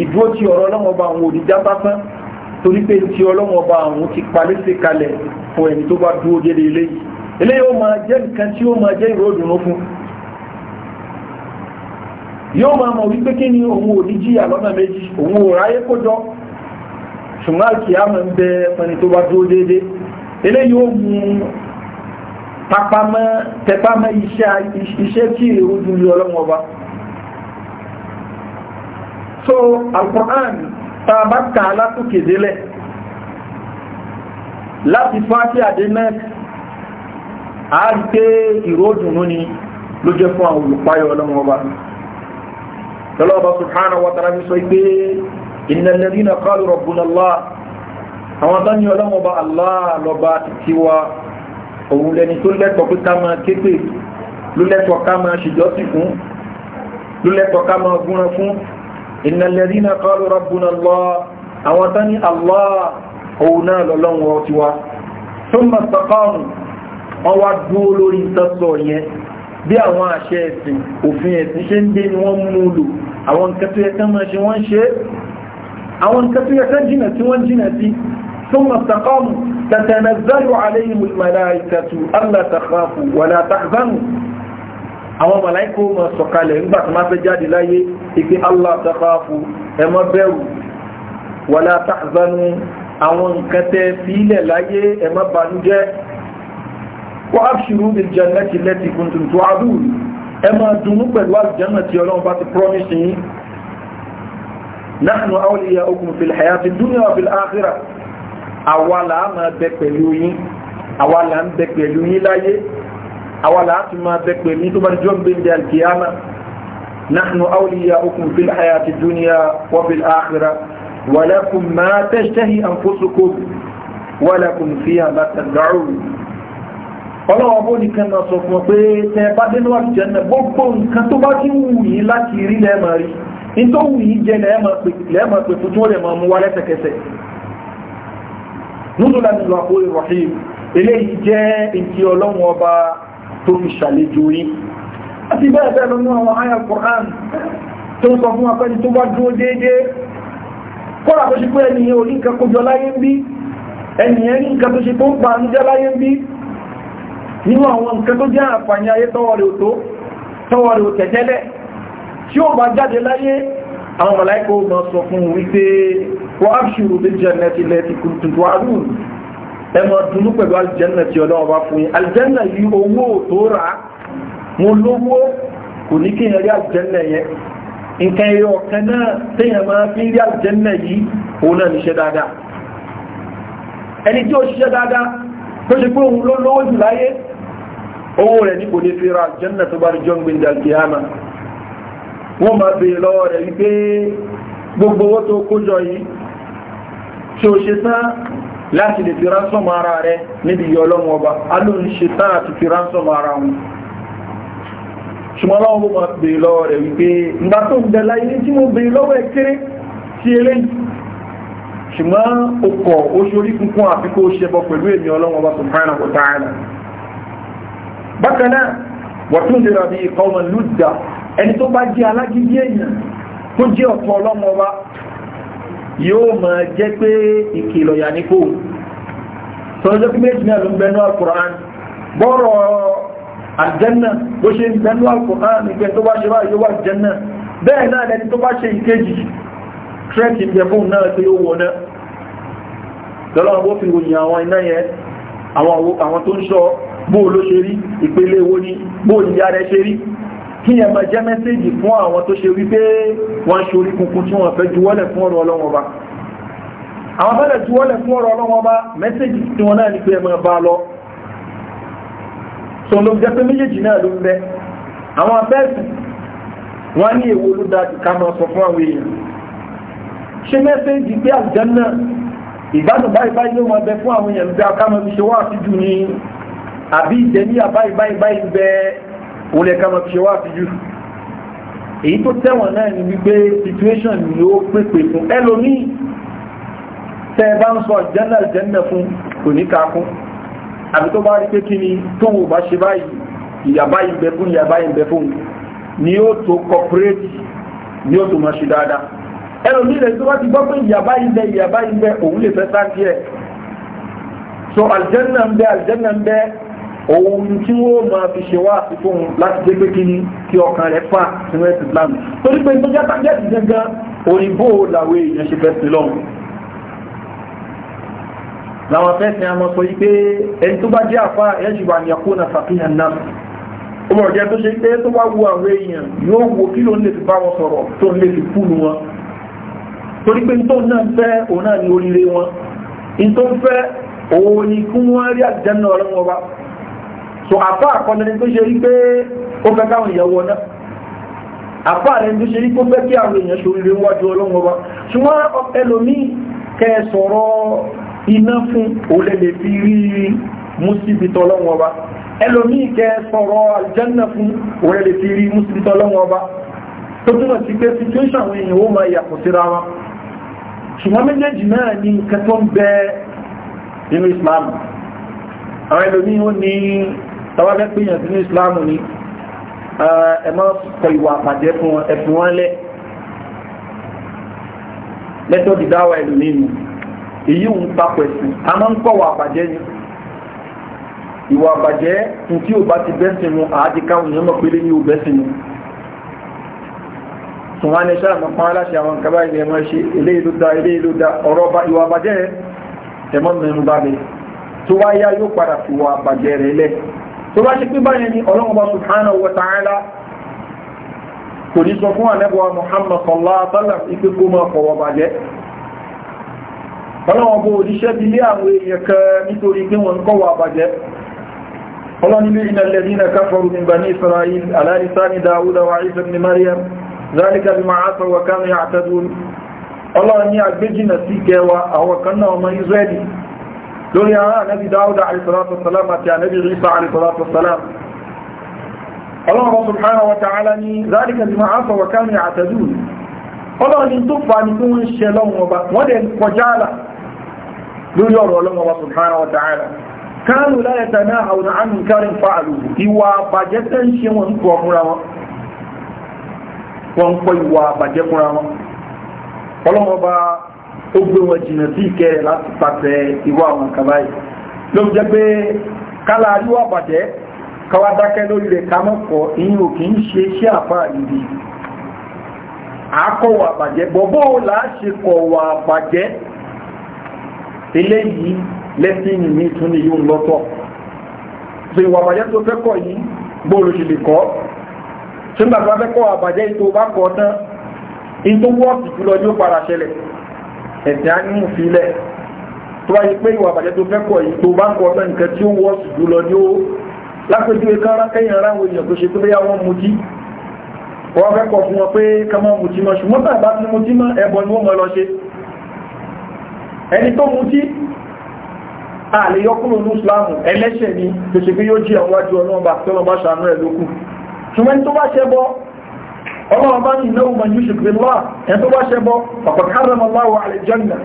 ìdúró ti ọ̀rọ̀ ọlọ́wọ́ bá òun òdìjá bá fẹ́ torí pé ti ọlọ́wọ́ bá òun ti parí sí kalẹ̀ fún ẹni tó bá dúró déédéé eléyìí eléyìí ó máa jẹ́ nǹkan tí ó máa jẹ́ ìró ìdùnnú fún un yóò máa mọ̀ wípé kí ni òun ò ní jíyà lọ́nà méjì òun ò ráyé kó jọ ṣùgbọ́n àti àmọ́ ń bẹ ẹni tó bá dúró déédéé eléyìí ó mú tapamọ́ tẹpamọ́ iṣẹ́ tí èrò ju lé ọlọ́run ọba so Al-Qur'an tá a bá kà á látòkè délẹ̀ láti fáti àdémẹ́k àá rí pé ìró ni ló jẹ́ fún àwọn olùpáyọ̀ ọlọ́run ọba lọ́lọ́ọ̀bá subhanahu wa ta'ala fi sọ pé innal ladhina qalu rabbuna Allah àwọn tán ní ọlọ́mọba Allah lọ́ba títí wa òun lẹni tó lẹ́tọ̀ọ́ pé ká máa képe ló lẹ́tọ̀ọ́ ká máa ṣèjọ́sí fún ló lẹ́tọ̀ọ́ ká máa gúnran fún innal ladhina qalu bí àwọn àṣẹ ẹ̀sìn òfin ẹ̀sìn ṣe ń dé ni wọ́n mú lò àwọn nǹkan tó yẹ ká máa ṣe wọ́n ṣe àwọn nǹkan tó yẹ jìnà sí wọ́n jìnà sí ثم استقاموا تتنزل عليهم الملائكة ألا تخافوا ولا تحزنوا àwọn màláìkò máa sọ̀kalẹ̀ nígbà tó máa fẹ́ jáde láyé ìpín Allah takhafu ẹ má bẹ̀rù wala tahzanu àwọn nǹkan tẹ́ fílẹ̀ láyé وابشروا بالجنة التي كنتم توعدون اما دونو بلوا الجنة تي اولون با نحن اولياؤكم في الحياة الدنيا وفي الآخرة اولا ما بيبلوي اولا ما بيبلوي لاي اولا ما بيبلوي تو بان جون بين ديال القيامة نحن اولياؤكم في الحياة الدنيا وفي الآخرة ولكم ما تشتهي انفسكم ولكم فيها ما تدعون ọlọ́wọ́ bó nìkan náà sọ fún ọ pé tẹ bá dé níwájú jẹ́ náà gbogbo nǹkan tó bá ti wù yín láti rí lẹ́ẹ̀mọ̀ rí ní tó wù yín jẹ lẹ́ẹ̀mọ̀ pé fún tí wọ́n lè máa mú wá lẹ́sẹ̀kẹsẹ̀ nùdúlà nínú àpò ìrọ̀hìm eléyìí jẹ́ ìtì ọlọ́wọ́ ọba tó fi ṣàlejò yín àti bẹ́ẹ̀ bẹ́ẹ̀ lọ́nà àwọn àyà Qur'an tó sọ fún akẹ́ni tó bá dúró déédéé kọ́ra tó ṣe pé ẹnìyẹn ò ní nǹkan láyé ń bí ẹnìyẹn ní nǹkan tó ṣe tó ń pa àníjẹ́ láyé ń bí nínú àwọn nǹkan tó jẹ́ àǹfààní ayé tọ́wọ́rẹ̀ òtẹ̀tẹ́lẹ̀ tí ó bá jáde láyé àwọn màláíkà ma sọ fún wípé wa abshiru bil jannati allati kuntum tu'adun ẹ máa dùnnú mo lówó kò ní kí n rí aljanna yẹn nǹkan ẹyọ ọ̀kan náà téèyàn máa fi rí aljanna ẹni tí ó ṣiṣẹ́ dáadáa tó ṣe pé òun ló lówó jù láyé O rẹ̀ ní kò ní fi ra jẹ́nà tó bá rí john gbendal be wọ́n máa bèèrè lọ́wọ́ rẹ̀ wípé gbogbo owó tó kójọ yìí ara rẹ̀ níbi ìyọ ọlọ́run ọba alóhun ṣe ti àti ara wọn ṣùgbọ́n ma bó máa bèèrè lọ́wọ́ rẹ̀ to ìgbà tó ń bẹ̀lá mo bèèrè ṣùgbọ́n kọ̀ ṣorí kunkun pẹ̀lú bákan náà wọ́tún lè rà bí ìkọ́mọ lùdà ẹni tó bá jẹ́ alágídí èèyàn tó jẹ́ ọ̀tọ̀ ọlọ́mọ wa yóò máa jẹ́ pé ìkìlọ̀ yà ní kò sọ́jọ́ pé méjì náà ló ń bẹnu alukur'an bọ́rọ̀ àjẹ́nà bó ṣe ń bẹnu alukur'an ìgbẹ́ tó bá ṣe bá yóò wà jẹ́nà bẹ́ẹ̀ náà lẹni tó bá ṣe ìkejì tírẹ́kì bẹ náà tó yóò wọná lọ́lọ́wọ́ fi ròyìn àwọn iná yẹn àwọn tó ń ṣọ́ bóò ló ṣe rí ìpele wo ni bóò ní yára ṣe rí kí yẹn máa jẹ́ mẹ́sẹ́jì fún àwọn tó ṣe wípé wọ́n ń ṣorí kunkun tí wọ́n fẹ́ juwọ́lẹ̀ fún ọ̀rọ̀ ọlọ́wọ́n ọba àwọn fẹ́lẹ̀ juwọ́lẹ̀ fún ọ̀rọ̀ ọlọ́wọ́n ọba mẹ́sẹ́jì tí wọ́n náà ní pé ẹ máa bá lọ sọ ló jẹ́ pé méjèèjì náà ló ń bẹ àwọn abẹ́ẹ̀sì wọ́n ní èwo ló dáa jù ká máa sọ fún àwọn èèyàn ṣé mẹ́sẹ́jì pé àlùjànnà ìgbádùn báyìí báyìí ló máa bẹ fún àwọn èèyàn bí a ká máa fi ṣe wá àtijú ní àbí ìjẹníyà báyìí báyìí báyìí bẹ òun lẹ̀ka mọ̀ ṣe wá àfijù èyí tó tẹ̀wọ̀n náà ni wípé situation ló pèpè fún ẹlòmíì tẹ́ ẹ bá ń sọ jẹ́nà jẹ́nà fún kò ní kakún àbí tó bá rí pé kí ni tóun ò bá ṣe báyìí ìyà báyìí bẹ fún ìyà báyìí bẹ fún ni ó tó corporate ni ó tó máa ṣe dáadáa ẹlòmíì rẹ̀ tó bá ti gbọ́ pé ìyà báyìí bẹ ìyà báyìí bẹ òun lè fẹ́ sáńtì ẹ̀ so aljanna ń bẹ aljanna ń bẹ òun tí wọ́n máa fi ṣe wá àsìkò òun láti jẹ́ pé kí ni kí ọkàn rẹ̀ fà sí west islam torí pé tó játa jẹ́sì gangan òyìnbó làwọn èèyàn ṣe fẹ́sì lọ́wọ́ làwọn fẹ́sì àmọ́ sọ yí pé ẹni tó bá jẹ́ àfá ẹ̀ṣùgbà ní ọkùn náà fàfihàn náà ó mọ̀ jẹ́ tó ṣe pé tó bá wo àwọn èèyàn yóò wo kí ló lè fi bá wọn sọ̀rọ̀ tó lè fi kúlù wọn torí pé tó náà fẹ́ òun náà ní oríire wọn in fẹ́ òun ni kí wọ́n rí àjẹ́nà ọlọ́wọ́ wa so àfá àkọlẹni tó ṣe rí pé ó fẹ́ káwọn èèyàn wọ náà àfá rẹ̀ tó ṣe rí pé ó fẹ́ kí àwọn èèyàn ṣoríire wájú ọlọ́run ọba ṣùgbọ́n ẹlòmíì kẹ sọ̀rọ̀ iná fún olèlè fi rí músíbitọ̀ ọlọ́run ọba ẹlòmíì kẹ sọ̀rọ̀ aljanna fún olèlè fi rí músíbitọ̀ ọlọ́run ọba tó túnmọ̀ sí pé situation àwọn èèyàn ó máa yàtọ̀ síra wọn ṣùgbọ́n méjèèjì náà ní nǹkan tó ń bẹ nínú Islam àwọn ẹlòmíì ó ní tàwáfẹ́ pèèyàn sí ní islam ni ẹ má kọ ìwà àpàdé fún wọn ẹ̀fún wọn lẹ̀ lẹ́tọ́ ti dáwà ẹlòmíì nù èyí ń takò ẹ̀sìn a máa ń kọ̀wà àpàdé ni ìwà àbàjẹ́ tí ó bá ti bẹ́sìn mú àájí káwọn èèyàn mọ̀ pélé ní ó bẹ́sìn mú ṣùgbọ́n ní ṣáàmù pán aláṣẹ àwọn kaba ilẹ̀ ẹmọ́ ṣe ilé ìlú da ilé ìlú da ọ̀rọ̀ ìwà àbàjẹ́ ẹmọ́ mẹ́rin bá bẹ̀ tó wá yóò padà fi wà àbàjẹ́ rẹ̀ lẹ̀ tó bá ṣe pé báyẹn ni ọlọ́run bá subhanahu wa ta'ala kò ní sọ fún ànẹ́bọ̀wà muhammad sallallahu alaihi wasallam ipé kó máa fọwọ́ bàjẹ́ ọlọ́run bó oníṣẹ́ bí lé àwọn èèyàn kan nítorí pé wọ́n ń kọ́ wà bàjẹ́ ọlọ́run ilé iná lẹ́dínà káfọ́rù min bani israel ní agbéjìnà sí lórí àwọn ànábì dáúdà àìsàlátù sàlám àti ànábì Ìsá àìsàlátù sàlám ọlọ́run subhanahu wa ta'ala ní zálìkà bí máa sọ wàkánù àtàdù ọlọ́run tó fà ní kí wọ́n ṣe lọ́wọ́ ọba wọ́n dẹ̀ kọjá àlà lórí ọ̀rọ̀ ọlọ́run ọba subhanahu wa ta'ala kánù láyẹ̀ tàná àwọn ń ṣe wọn ó gbé wọn jìnà sí ìkẹrẹ láti pàṣẹ ìwà àwọn kàbá yìí ló jẹ́ pé kálá àríwá bàjẹ́ káwá dákẹ́ lórí rẹ̀ ká mọ́kọ̀ ìyìn ò kì í ṣe iṣẹ́ àfà ìdí àkọwà bàjẹ́ bọ̀bọ́ làáṣe kọ̀wà bàjẹ́ eléyìí lẹ́sìn mi tún ní yóò lọ́tọ̀ so ìwà àbàjẹ́ tó fẹ́ kọ̀ yìí gbóòrò ṣe lè kọ́ tí nígbà tó bá fẹ́ tán in jùlọ ní ó ṣẹlẹ̀ ẹ̀sìn á ní mú sílẹ̀ tó wáyé pé ìwà àbàjẹ́ tó fẹ́ kọ̀ yìí tó bá kọ̀ náà nǹkan tí ó wọ́ sùdú lọ ní ó lápẹjú ẹ̀ka rákẹ́yìn ara àwọn èèyàn tó ṣe pé bóyá wọ́n mutí wọ́n fẹ́ kọ̀ fún wọn pé ká má mutí mọ́ ṣùgbọ́n tá àbá ti mutí mọ́ ẹbọ ni wọ́n mọ́ lọ ṣe ẹni tó mutí àlè yọkúrò ní ìsìláàmù ẹlẹ́ṣẹ̀ ni tó ṣe pé yóò jí àwọn wájú ọlọ́ọ̀bà tó lọ bá ṣàánú ẹ̀ lókù ṣùgbọ́n tó bá ṣẹbọ ọlọ́run bá ní ìnáwó man yushrik billah ẹ̀ tó bá ṣe bọ́ ọ̀pọ̀ kárẹ̀ mọ́ láwọ̀ àlìjẹ́nà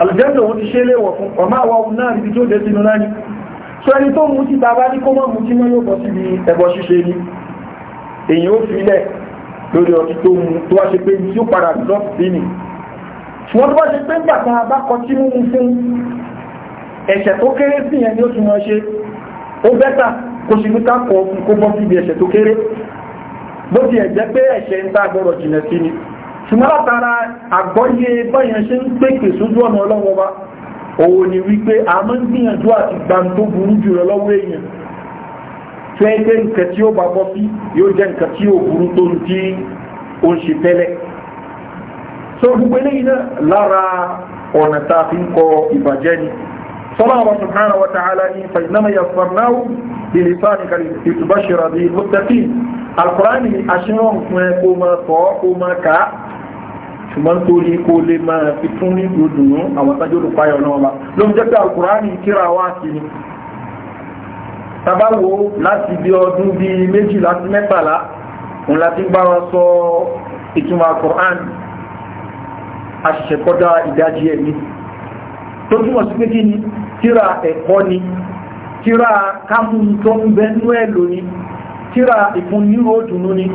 àlìjẹ́nà òun ti ṣe léwọ̀ fún ọmọ àwọn òun náà níbi tí ó dé sínú náà ni so ẹni tó mú ti bàbá ní kó mọ́ mú tí wọ́n yóò bọ́ síbi ẹbọ ṣíṣe ni èyí ó filẹ̀ lórí ọtí tó mú tó wá ṣe pé tí ó padà lọ sí ni ṣùgbọ́n tó bá ṣe pé gbà kan abákọ tí mú mú fún ẹ̀ṣẹ̀ tó kéré sí yẹn ni ó ti mọ̀ ṣe ó bẹ́tà kó ṣe ní ká kọ̀ ọkùn kó bọ́ síbi ẹ̀ṣẹ̀ tó kéré bó ti ẹ̀jẹ́ pé ẹ̀ṣẹ̀ ń tá gbọ́rọ̀ jìnà sí ni ṣùgbọ́n látara àgbọ́yé báyàn ṣe ń pèkè sójú ọ̀nà ọlọ́wọ́ wa òun ni wípé a máa ń gbìyànjú àti gbàm tó burú jùlọ lọ́wọ́ èèyàn فالله سبحانه وتعالى فإنما يصرناه بلسانك لتبشر به المتقين القرآن أشرهم كما كما كا ṣùgbọ́n torí kó lè máa fi tún ní ìdùnnú àwọn tájú olùpáyọ̀ náà bá ló ń jẹ́ pé alkùránì kíra wá sí ni tàbáwò láti bí ọdún bí méjì láti mẹ́tàlá òun láti bá wọn sọ ìtumọ̀ alkùránì àṣìṣẹ́kọ́dá ìdájí ẹ̀mí tó túmọ̀ sí pé kí ni tíra ẹ̀kọ́ ni tíra kámú tó ń bẹ nú ẹ̀ lóní tíra ìfún ní òdùnú ni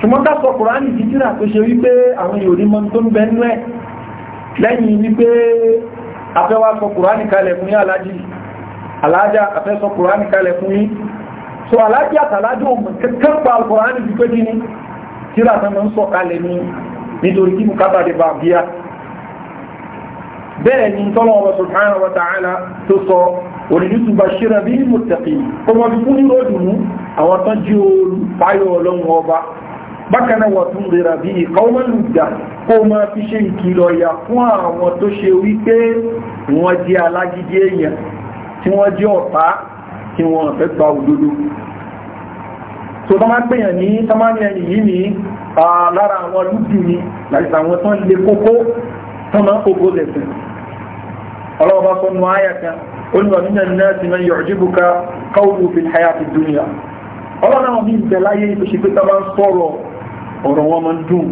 ṣùgbọ́n ká sọ kùránì di tíra tó ṣe wípé àwọn èèyàn onímọ̀ tó ń bẹ nú ẹ̀ lẹ́yìn wípé afẹ́wà sọ kùránì kalẹ̀ fún yín alájì alájá afẹ́ ni tíra tó ń sọ kalẹ̀ ni nítorí kí mú kábàdé bá bẹ́ẹ̀ ni tọ́lọ́ ọba subhanahu wa ta'ala tó sọ òrìlítù bá ṣíra bí mùtẹ̀kì ó wọ́n fi fún ìró dùnú àwọn tán jí oòrùn fáyọ̀ ọlọ́run ọba bákan náà wọ́n tún rira bí qawman ludda kó máa fi ṣe ìkìlọ̀ ìyà fún àwọn tó ṣe wípé wọ́n jẹ́ alágídí èèyàn tí wọ́n jẹ́ ọ̀tá tí wọ́n fẹ́ gba òdodo so tọ́ pèèyàn ní tọ́ ní ẹni yìí ní lára àwọn lúdù ni láti àwọn tán le kókó wọ́n máa ń kókó lẹ́sìn ọlọ́wọ́ bá sọ nù áyà kan ó ní ọ̀nà náà ti máa yọ̀jú buka káwùlù fi hayà ti dúnìyà ọlọ́nà wọn bí ìbẹ̀ láyé ní oṣù pé tábà ń sọ̀rọ̀ ọ̀rọ̀ wọn máa ń dùn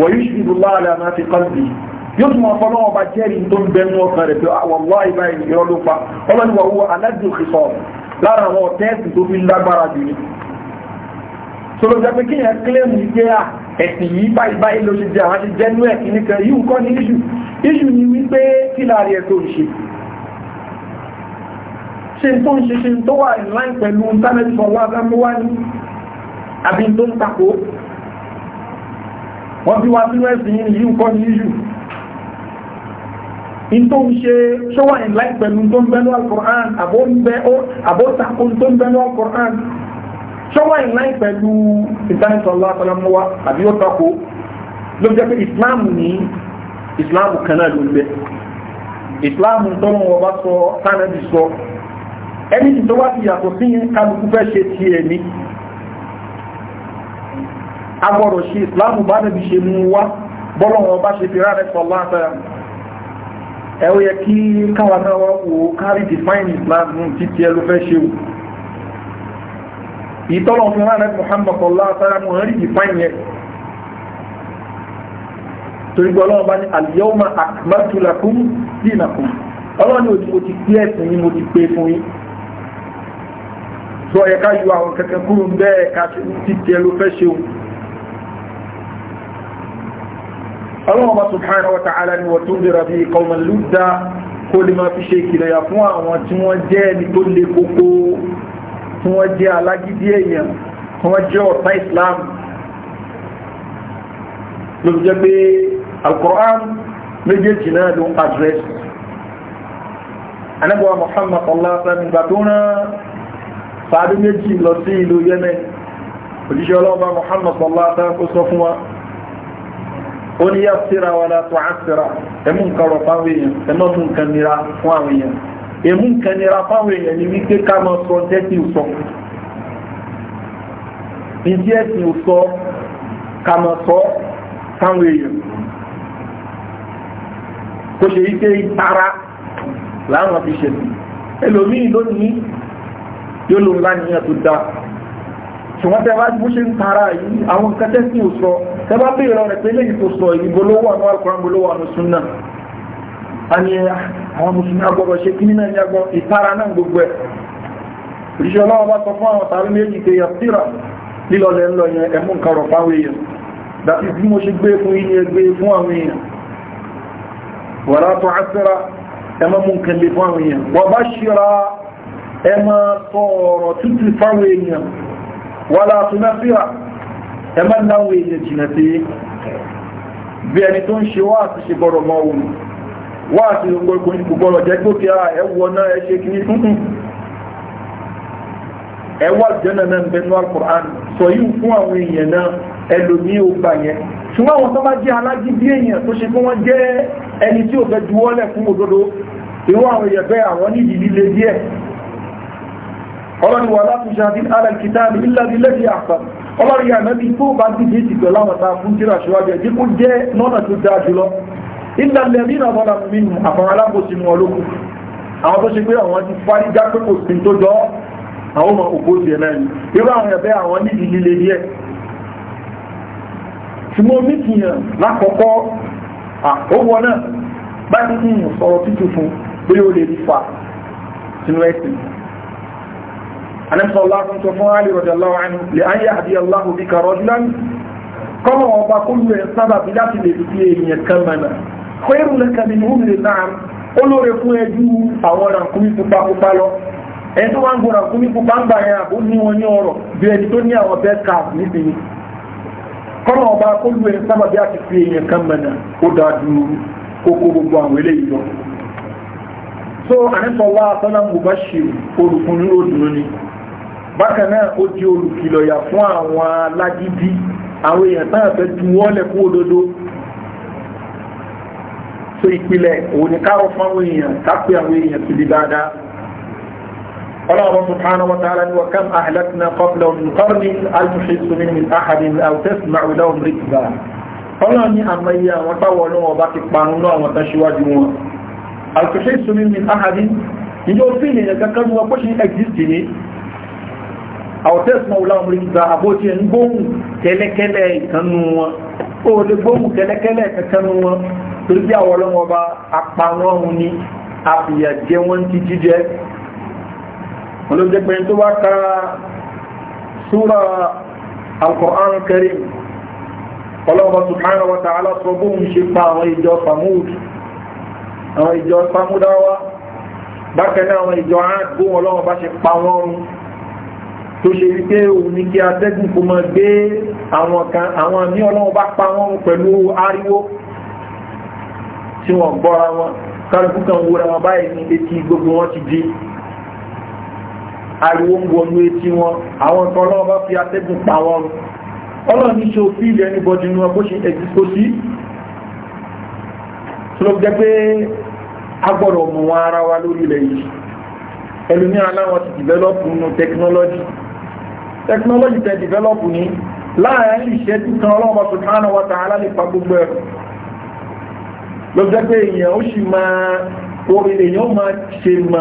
wọ́n yóò ah, ṣe ẹ̀sìn yìí báyìí báyìí ló ṣe jẹ́ àwọn ṣe jẹ́nú ẹ̀ kìíní kan yìí nǹkan ní iṣu iṣu ni wípé kí láàrin ẹ̀ tó ń ṣe ṣe tó ń ṣe ṣe tó wà láì pẹ̀lú tánẹ́tì fọwọ́ agbámúwá ní àbí tó ń takò wọ́n bí wá sínú ẹ̀sìn yìí nǹkan ní iṣu in tó ń ṣe ṣọ́wà ìláì pẹ̀lú tó ń bẹ́nu al-Qur'an àbó tako tó ń bẹ́nu al ṣọ́wọ́ ìláì pẹ̀lú ìtànìtọ̀lá àtàlámọ́wá àbí ó tako ló jẹ́ pé islam ní islam kan náà ló ń islam tọ́lọ́ wọn bá sọ tánàbì sọ ẹni tí tó wá ti yàtọ̀ sí kálukú fẹ́ ṣe ti ẹ̀ ní agbọ́dọ̀ ṣe islam bá nàbì ṣe mú wá bọ́lọ̀ wọn bá ṣe fi rárẹ̀ sọ̀lá àtàlámọ́ ẹ ó yẹ kí káwa náà wá wò ó kárí define islam títí ẹ ló fẹ́ ṣe wò ìtọ́lọ̀ fún ránà Muhammad sallallahu alaihi wasallam rí ìfáyẹ̀ torí gbọ́ ọlọ́run bá ní al-yawma akmaltu lakum dinakum ọlọ́run ni mo ti pé ẹ̀sìn yín mo ti pé fún yín sọ ẹ̀ka yọ àwọn kankan kúrò ń bẹ́ẹ̀ ẹ̀ka ti tiẹ̀ ló fẹ́ ṣe ìkìlẹ̀ yà fún àwọn tí wọ́n jẹ́ alágídí èèyàn tí wọ́n jẹ́ ọ̀tá islam ló fi jẹ́ pé alkùrán méjèèjì náà ló ń adrẹ́s anábọ̀wá muhammad ọlọ́pàá nígbà tó rán sàádé méjì lọ sí ìlú yemen òjíṣẹ́ ọlọ́pàá muhammad ọlọ́pàá kó sọ fún wa ó ní yá síra wà látọ̀ àṣírà ẹmú nǹkan rọ̀ fáwọn èèyàn ẹmọ́ fún nǹkan nira fún àwọn èèyàn èmú nǹkan nira fáwọn èèyàn ni wípé ká máa sọ tẹ́sí sọ ìdí ẹ̀sìn ò sọ ká máa sọ fáwọn èèyàn kò ṣe yí pé tara láwọn fi ṣẹ̀sìn ẹlòmíì lónìí yóò lòun láníyàn tó dáa ṣùgbọ́n tẹ́ bá bó ṣe ń tara yìí àwọn nǹkan tẹ́sí ò sọ tẹ́ bá béèrè rẹ̀ pé lẹ́yìn tó sọ ìbò lówó àwọn alukóran bó lówó àwọn sunna ani ní àwọn musulmi agbọ́dọ̀ ṣe kí nínú ẹ̀yà gan ìtara náà gbogbo ẹ̀ òṣìṣẹ́ ọlọ́wọ́ bá sọ fún àwọn tàbí méjì pé yàtíra lílọlẹ̀ ń lọ yẹn ẹ̀mú nǹkan rọ̀ fáwọn èèyàn dàbí bí mo ṣe gbé fún yín ẹgbẹ́ fún àwọn èèyàn wàrà tó àṣírà ẹmọ mú jìnà sí bí ẹni tó ń ṣe wá àti ṣe gbọ́dọ̀ mọ́ òun wá àti gbogbo ìgbògbọ́rọ̀ jẹ́ tó kí a ẹwọ náà ẹ ṣe kìí tuntun ẹwà jẹ́nà náà bẹnu alukur'an sọ yìí fún àwọn èèyàn náà ẹlòmí ò gbà yẹn ṣùgbọ́n àwọn tó bá jẹ́ alágídí èèyàn tó ṣe fún wọn jẹ́ ẹni tí ò fẹ́ juwọ́lẹ̀ fún òdodo irú àwọn èèyàn bẹ́ẹ̀ àwọn nídìí líle díẹ̀ ọlọ́run wà látúnṣe àti alẹ́kìtàbí ìlàbí lẹ́bí àpá ọlọ́run yà tó bá dìde ìtìgbẹ̀ fún tíra ṣíwájú ẹ̀dínkù jẹ́ lọ́nà tó dáa jùlọ ìlà lẹ́rí náà bọ́lá mi nù àwọn alábòsí mu ọlọ́kù àwọn tó ṣe pé àwọn ti parí já pé kò sí tó jọ àwọn ọmọ òkú tiẹ̀ náà ni irú àwọn ẹ̀bẹ́ àwọn nídìí líle díẹ̀ ṣùgbọ́n omi kìyàn lákọ̀ọ́kọ́ àkówọ náà bá ti ń sọ̀rọ̀ tútù fún pé ó lè fa sínú ẹ̀sìn anẹ́sọ̀ láàrín tó fún àlè rọ̀dà láwọn àánú kọ́ẹ̀rù lẹ́ka mi mú lè náà olóore fún ẹjú àwọn ràkúnmí pupa pupa lọ ẹni tó wá ń gbọ́ ràkúnmí pupa ń gbà yẹn àbó ní wọn ní ọrọ̀ bí ẹni tó ní àwọn ọba ẹni sábà bí fi èèyàn kan mẹ́nà ó so òdùnú ni bákan náà ó di olùkìlọ̀yà fún àwọn alágídí àwọn èèyàn táà fẹ́ so ìpìlẹ̀ òun ni káwọ́ fún àwọn èèyàn kápẹ́ àwọn èèyàn síbi dáadáa ọlọ́run subhanahu wa ta'ala ni wa kam ahlakna qablahum min qarnin almuhisu minhum ahadin aw tasma'u lahum rikba ọlọ́run ni àmọ́ iye àwọn táwọn ọlọ́run ọba ti parun náà àwọn tán síwájú wọn almuhisu minhum ahadin ìjọ òfin èèyàn kankan wọn kó ṣe àbótí ẹni gbóhùn kẹ́lẹ́kẹ́lẹ́ ìkànnù wọn torí bí àwọn ọlọ́wọ́ bá apá wọn hun ní àfìyà jẹ wọn ti jíjẹ olóòjẹ́ pé tó wá ka súra al-Qur'an Karim ọlọ́wọ́ subhanahu wa ta'ala sọ bóun ṣe pa àwọn ìjọ Samud àwọn ìjọ Samudawa bákan náà àwọn ìjọ Ad bóun ọlọ́wọ́ bá ṣe pa wọn tó ṣe wípé òun ní kí atẹ́gùn kó máa gbé àwọn àmì ọlọ́wọ́ bá pa wọn pẹ̀lú ariwo tí wọ́n gbọ́ra wọn kálukú kan wúra wọn báyìí ní etí gbogbo wọn ti di ariwo ń wọnú etí wọn àwọn nǹkan ọlọ́wọ́ bá fi atẹ́gùn pa wọn ọlọ́run ní ṣe òfin ilẹ̀ ní bọ́dì inú ọgbó ṣe ẹ̀jú tó sí tó ló jẹ́ pé a gbọ́dọ̀ mọ̀ wọn ara wa lórí ilẹ̀ yìí ẹlòmíràn láwọn ti dìvẹ́lọ́pù nínú tẹkinọ́lọ́jì tẹkinọ́lọ́jì tẹ dìvẹ́lọ́pù ní láàárín ìṣẹ́jú kan ọlọ́run bá lọ́jọ́ pé èèyàn ó sì máa orin èèyàn máa ṣe mà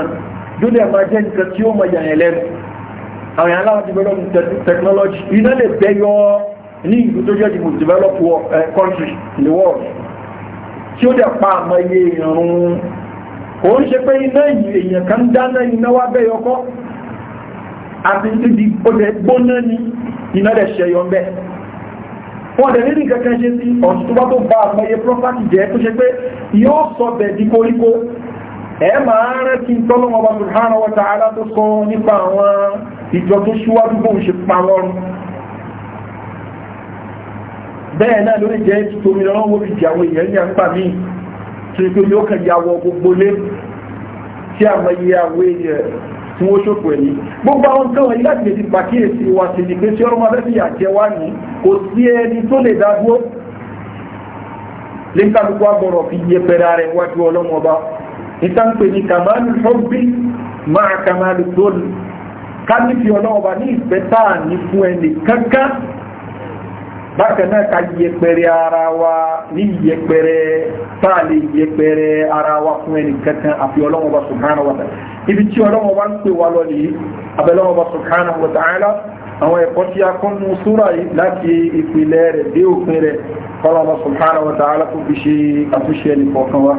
lóde àmà jẹ́ nǹkan tí ó máa yàyàn lẹ́nu àwọn aláwọ̀ develop technology iná lè bẹ́yọ ní ìlú tó jẹ́ the most developed eh, country in the world tí ó dẹ̀ pa àmọ́ iye èèyàn rún ó ń ṣe pé iná èèyàn kan dáná iná wá bẹ́yọ kọ́ àti ti di ó dẹ̀ gbóná ní iná dẹ̀ ṣẹyọ bẹ́ẹ̀ wọ́n dẹ̀ nílì kankan ṣe sí ọ̀sùn tó bá tó bá àmọye property jẹ́ tó ṣe pé yóò sọ bẹ̀ di koríko ẹ máa ń rántí tọ́lọ́wọ́ bá subhanahu wa ta'ala tó sọ nípa àwọn ìjọ tó ṣíwájú bóun ṣe pa lọ́rùn bẹ́ẹ̀ náà lórí jẹ́ títomi lọ́wọ́ fi jẹ àwọn èèyàn ní àpá mi tí ó yóò kàn yà fún oṣòfò ẹ̀yí gbogbo àwọn nǹkan wọ̀nyí láti lè ti pàkíyèsí wa sí ní pé tí ọrọ̀ máa fẹ́ fi àjẹ wá ní kò sí ẹni tó lè dádúró lẹ́kàlùkù agbọ̀rọ̀ fi yẹ pẹ̀rẹ̀ rẹ̀ wájú ọlọ́mọba bákan náà ká yẹpẹrẹ ara wa ní yẹpẹrẹ tá a lè yẹpẹrẹ ara wa fún ẹnì kankan àfi ọlọ́wọ́ bá subhanahu ibi tí ọlọ́wọ́ bá ń pè wá lọ nìyí abẹ́lọ́wọ́ bá subhanahu àwọn ẹ̀kọ́ tí a kún mú súra yìí láti ìpìlẹ̀ rẹ̀ dé òpin rẹ̀ kọlọmọ subhanahu wa ta'ala kò fi ṣe àtúnṣe ẹnì kọ̀ọ̀kan wa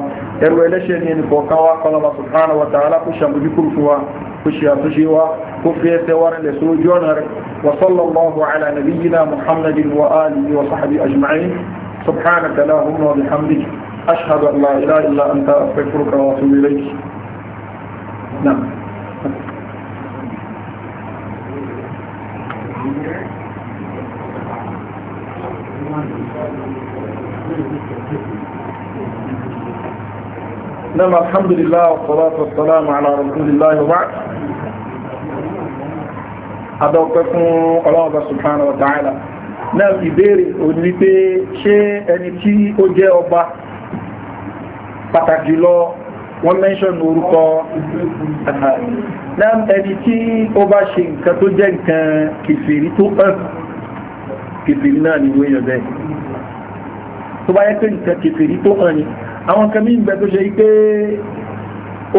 ẹrù ẹlẹ́ṣẹ̀ ní ẹnì kọ̀ọ̀kan wa kọlọmọ subhanahu wa ta'ala kò ṣàmójúkúrú fún wa kò ṣe àtúnṣe wa kò fi ẹsẹ̀ wa rẹ̀ lẹ̀sùn ọ̀nà rẹ̀ wa نعم الحمد لله والصلاة والسلام على رسول الله وبعد adọ́pẹ́kún ọlọ́ọ̀bá subhanahu wa ta'ala náà ìbéèrè òní pé ṣé ẹni tí ó jẹ́ ọba pàtàkì lọ wọ́n mẹ́ṣọ́nù orúkọ náà ẹni tí ó bá ṣe nǹkan tó jẹ́ nǹkan kìfèrí tó hàn kìfèrí náà ni wọ́n yàn bẹ́ẹ̀ tó bá yẹ pé nǹkan kìfèrí tó hàn ni àwọn kan mí bẹ tó ṣe pé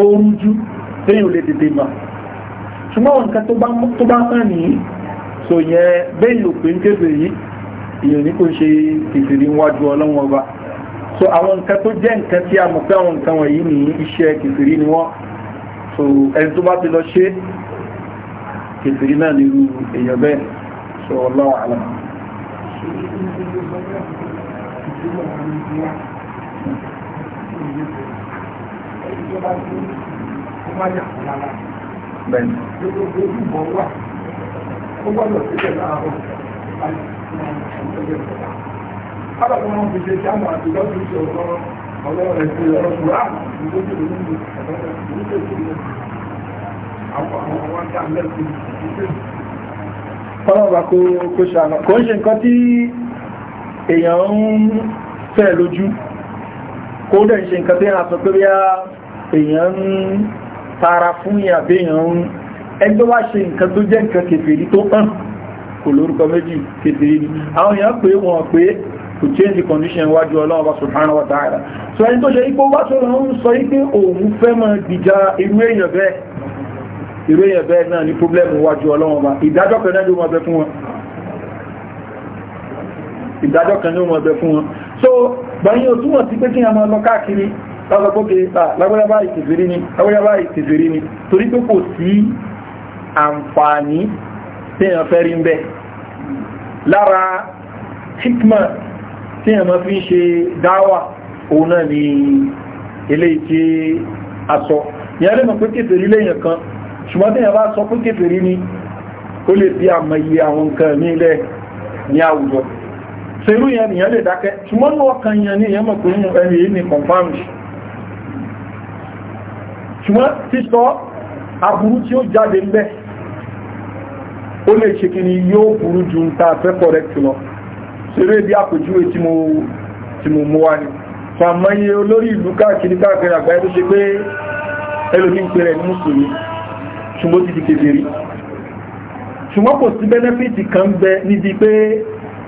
ó rújú téèyàn lè tètè mà ṣùgbọ́n nǹkan tó bá hàn ní sòyẹn bẹ́ẹ̀ lòpin kébèrè yìí ìyẹn ní kò ṣe kìfèrí wájú ọlọ́wọ́n ọba so àwọn nǹkan tó jẹ́ nǹkan tí a mọ̀ pé àwọn nǹkan wọ̀nyí ní iṣẹ́ kìfìrí ni wọ́n so ẹni tó bá ti lọ ṣe kìfìrí náà nírú èèyàn bẹ́ẹ̀ so Allahu a'lam Bẹ́ẹ̀ni. Ó Kábàtí wọ́n fi ṣe jáàmù àti lọ́sí ìṣẹ́ ọ̀rọ̀ ọlọ́rọ̀ ẹ̀sìn ọ̀rọ̀ ṣùgbọ́n Ọlọ́ba kó ṣàánà. Kò ń ṣe nǹkan tí èèyàn ń fẹ́ lójú, kó dẹ̀ ń ṣe nǹkan tí a sọ pé bí èèyàn ń tara fún ìyàbé èèyàn ń ẹgbẹ́ wá ṣe nǹkan tó jẹ́ nǹkan kèfèrí tó hàn kò lórúkọ méjì kèfèrí Àwọn èèyàn pé wọn pé to change the condition wájú ọlọ́run wa subhanahu wa ta'ala so ẹni tó ṣe ipò wá tó lọ ń sọ ipé òun fẹ́ mọ́ gbìjà irú èèyàn bẹ́ẹ̀ irú èèyàn bẹ́ẹ̀ náà ní pọ́blẹ́mù wájú ọlọ́run wa ìdájọ́ kan náà ló mọ̀ bẹ fún wọn ìdájọ́ kan ló mọ̀ bẹ fún wọn so báyìí o túmọ̀ sí pé kí a máa lọ káàkiri lọ́sọ̀gbókè lágbẹ́lábá ìtìfèrí ni lágbẹ́lábá ìtìfèrí ni torí pé kò sí àǹfààní tí èèyàn fẹ́ rí ń bẹ lára hikman tí ẹ̀mọ́ fi ń ṣe dáwà òun náà ni ilé tí a sọ ìyẹn lè mọ̀ pé kéferí lẹ́yìn kan ṣùgbọ́n tí ẹ̀yàn bá sọ pé kéferí ni ó lè bí àmọ́ iye àwọn nǹkan ní ilẹ̀ ní àwùjọ ṣerú yẹn nìyẹn lè dákẹ́ ṣùgbọ́n ní ọkàn yẹn ní ìyẹn mọ̀ pé ẹni yìí ni confirmed ṣùgbọ́n sísọ aburú tí ó jáde ń bẹ́ ó lè ṣe kí ni yóò burú ju ń ta fẹ́ correct lọ ṣeré bí àpèjúwe tí mo mú wá ní sàmọ́yé olórí ìlú káàkiri káàkiri àgbáyé tó ṣe pé ẹlòmí ń pèrè ní mùsùlùmí ṣùgbọ́n ti di kékeré ṣùgbọ́n kò sí bẹ́nẹ́fìtì kan bẹ níbi pé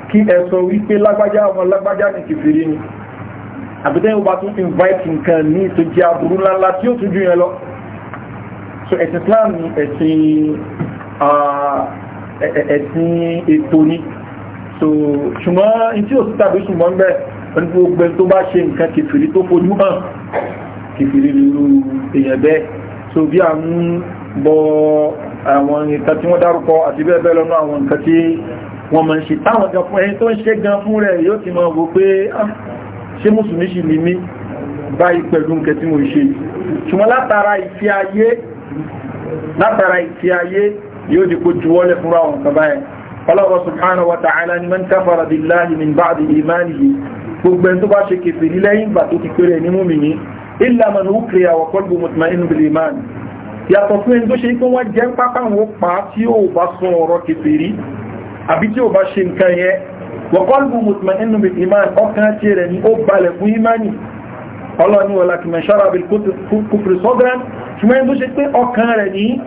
kí ẹ sọ wípé lágbájá ọmọ lágbájá ní kèfèrè ni àbútẹ́ ìwà tún invite nǹkan ní tó aburú ńláńlá tí ó tún jù yẹn lọ so ẹ̀sìn Islam ni ẹ̀sìn ah, ètò ni so ṣùgbọ́n in tí ó sì tàbí ṣùgbọ́n bẹ́ ẹni tó gbẹ tó bá ṣe nǹkan kìfìrí tó fojú hàn kìfìrí lulu èèyàn bẹ́ẹ̀ so bí a ń bọ àwọn nǹkan tí wọ́n dárúkọ àti bẹ́ẹ̀ bẹ́ẹ̀ lọ́nà àwọn nǹkan tí wọ́n máa ń ṣe táwọn gan fún ẹni tó ń ṣe gan fún rẹ̀ yóò ti máa wò pé ah, ṣé mùsùlùmí sì lè di kó juwọ́lẹ̀ fúnra àwọn nǹkan báyìí Allah subhanahu wa ta'ala ni man kafara billahi min ba'di imanihi gbogbo ẹni tó bá ṣe kèfèrí lẹ́yìn ìgbà tó ti pèrè ní mùmínì illa man ukriya wa qalbu mutma'in bil iman yàtọ̀ fún ẹni tó ṣe pé wọ́n jẹ́ pápá wọn pa tí ó bá sọ ọ̀rọ̀ kèfèrí àbí tí ó bá ṣe nǹkan yẹn wa qalbu mutma'in bil ọkàn tí rẹ̀ ni ó balẹ̀ fún imani Allah ni walakin man shara bil ṣùgbọ́n ẹni tó ṣe pé ọkàn rẹ̀ ní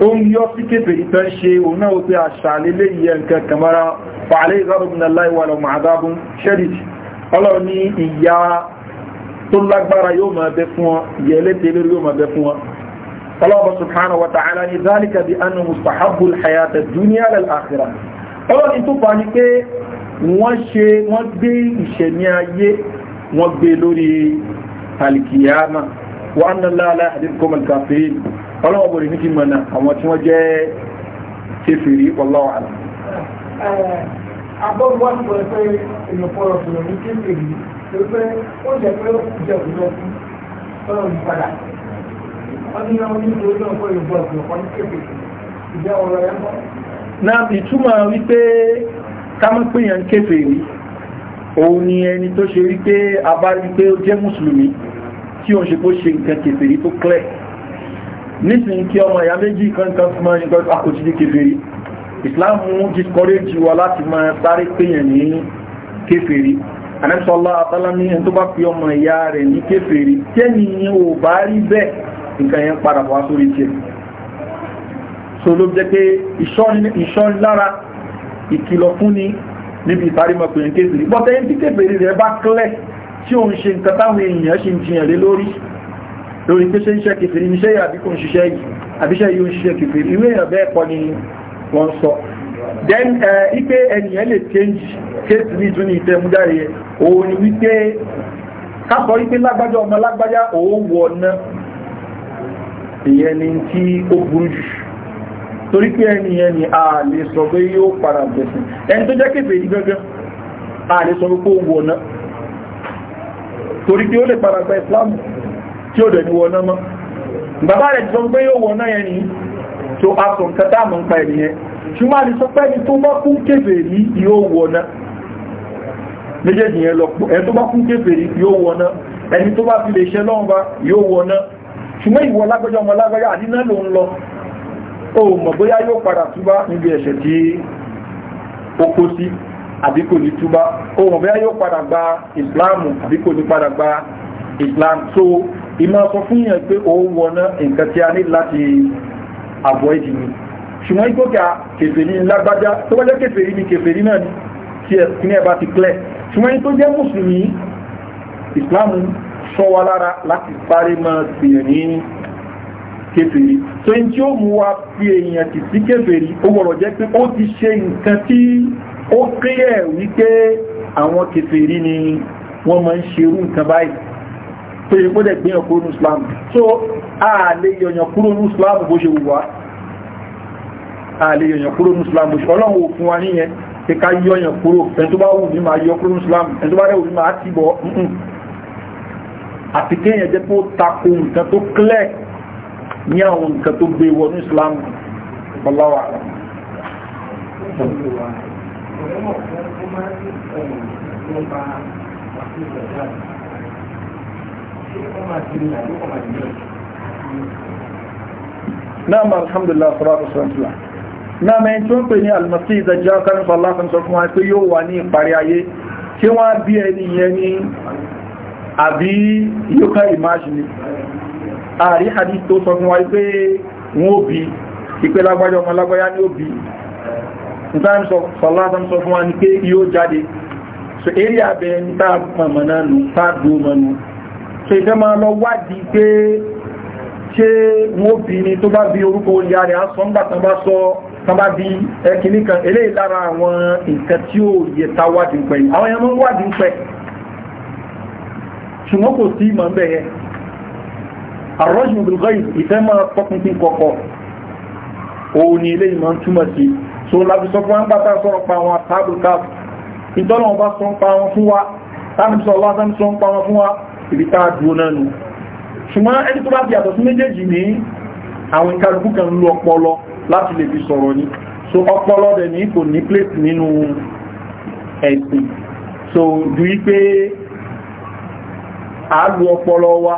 ohun yọ sí kéfè ìtàn ṣe òun náà pé àṣàlélé ìyẹ nǹkan kàmọ́ra fàálẹ́ ìzọ́rọ̀bùn aláìwà lọ màádábùn ṣẹ́rìtì ọlọ́run ní ìyá tó lágbára yóò máa bẹ fún wọn ìyẹ ẹlẹ́tẹ̀ lórí yóò máa bẹ fún wọn ọlọ́run subhanahu wa ta'ala ní zálìkà bí annu mustahabu alhayata duniya lal akhira ọlọ́run anna la la hadith kumal kafirin ọlọ́wọ́ bòrè ní kí mọ̀nà àwọn tí wọ́n jẹ́ kéfèrí ọlọ́wọ́ àná. àbọ̀ wá sọ pé èèyàn fọ̀rọ̀ sọ̀rọ̀ ní kéfèrí pé pé ó jẹ́ pé ó jẹ́ òkúta sí ọlọ́run ní padà wọ́n ní àwọn oníṣòwò náà fọ́ èèyàn fọ̀rọ̀ sọ̀rọ̀ ní kéfèrí ìjẹ́ ọ̀rọ̀ yẹn ìtumọ̀ wípé ká mọ̀ pé èèyàn kéfèrí òun ni ẹni tó ṣe wípé abá wípé ó jẹ́ mùsùlùmí tí òun ṣe kó ṣe nǹkan kéfèrí tó clear nísìn kí ọmọ ìyá méjì kankan fún ma nígbà àkójídé kéferì islam discourage wa láti máa sáré péyàn ní kéferì anẹ́sọ́lá àtàlámí ẹni tó bá fi ọmọ ìyá rẹ̀ ní kéferì tẹ́ni ò bá rí bẹ́ẹ̀ nǹkan yẹn padà wá sórí tiẹ̀ so ló jẹ́ pé ìṣọ́ lára ìkìlọ̀ fúnni níbi ìtarímọ̀ pé ń kéferì bọ́tẹ́ tí kéferì rẹ̀ bá clear tí òun ṣe nǹkan táwọn èèyàn ṣe ń jiyàn lé lórí lórí pé ṣe ń ṣe kìfìrí níṣẹ́ yà bí kò ń ṣiṣẹ́ yìí àbíṣẹ́ yìí ń ṣiṣẹ́ kìfìrí ìwé èèyàn bẹ́ẹ̀ kọ́ ni wọ́n sọ then ipe ènìyàn lè change case ní ìtúni ìtẹ́múdáre òun ni wípé kápọ̀ wípé lágbájá ọmọ lágbájá òun wọ̀ ọ̀nà ni tí ó burú jù torí pé ni a lè sọ pé yóò padà bẹ̀sìn ẹni tó jẹ́ kèfèrí gángan a lè sọ ó lè padà gba tí ó dẹ̀ ní wọ́n náà mọ́ bàbá rẹ̀ tí wọ́n pé yóò wọ́n náà yẹn ni tó a sọ nǹkan tá mọ̀ ń pa ènìyàn ṣùgbọ́n a lè sọ pé ẹni tó bá kún kéfè rí yóò wọ́n náà méjèèjì yẹn lọ pọ̀ ẹni tó bá kún kéfè rí yóò wọ́n náà ẹni tó bá fi lè ṣe lọ́wọ́n bá yóò wọ́n ṣùgbọ́n ìwọ lágbẹ́jọ́ ọmọ lágbẹ́jọ́ àdínà ló ń lọ o mọ̀ bóyá yóò padà túbá níbi ẹ̀ṣẹ̀ tí ó kó sí àbí kò ní túbá o mọ̀ bóyá yóò padà gba ìsìláàmù àbí kò ní padà gba islam so ìmọ̀ sọ fún yẹn pé ó wọná nǹkan tí a ní láti avoid ni ṣùgbọ́n ìgbókè kèfèrí lágbájá tó bá jẹ́ kèfèrí ni kèfèrí náà ni tí ẹ̀ ní ẹ̀bá ti clear ṣùgbọ́n tó jẹ́ mùsùlùmí islam sọ wa lára láti sáré máa sì ní kèfèrí tó ń tí ó mú wa fi èèyàn ti sí kèfèrí ó wọ̀rọ̀ jẹ́ pé ó ti ṣe nǹkan tí ó clear wípé àwọn kèfèrí ni wọ́n máa ń ṣerú nǹkan báyìí tó yẹ kó dẹ̀ gbé ọkọ̀ ní islam so a lè yọ̀yàn kúrò ní islam bó ṣe wùwá a lè yọ̀yàn kúrò ní islam bó ṣe ọlọ́run ò fún wa níyẹn tí ká yọ̀yàn kúrò ẹn tó bá wù ní máa yọ kúrò ní islam ẹn tó bá rẹ̀ wù ní máa ti bọ̀ nǹkan àti kéèyàn jẹ́ tó tako nǹkan tó Thank you náà alhamdulillah salatu wasalam náà mẹ́rin tí wọ́n pè ní almasi ìdájá kánúfà aláfẹ́ sọ fún wa pé yóò wà ní ìparí ayé kí wọ́n bí ẹni yẹn ní àbí yóká ìmáṣìlì àrí hadí tó sọ fún wa pé wọ́n ó bí ìpé lágbájá ọmọ lágbájá ní ó bí ìtàn sọ fún wa ní pé yóò jáde so eré abẹ́ ní táàbù mọ̀mọ̀ náà nù táàbù mọ̀mọ̀ ṣe fẹ́ máa lọ wádìí pé ṣé wọ́n bí ni tó bá bí orúkọ olè àrẹ asọ́ ńgbà tán bá sọ tán bá bí ẹkìní kan eléyìí lára àwọn nǹkan tí ó yẹ ta wádìí pẹ̀ àwọn ẹ̀yàn máa pẹ̀ ṣùgbọ́n kò sí ìmọ̀ ń bẹ̀ yẹn àrọ́jù so láti sọ fún pa àwọn àtàbùkà ìtọ́lọ̀ wọn bá sọ ń pa wọn fún wa ibi tá a dúró náà nù ṣùgbọ́n ẹni tó bá fi àtọ̀ sí méjèèjì ní àwọn ìkàrùkù kan lu ọpọlọ láti lè fi sọ̀rọ̀ ni so ọpọlọ rẹ̀ ní kò ní plate nínú ẹ̀sìn so ju wípé a lu ọpọlọ wa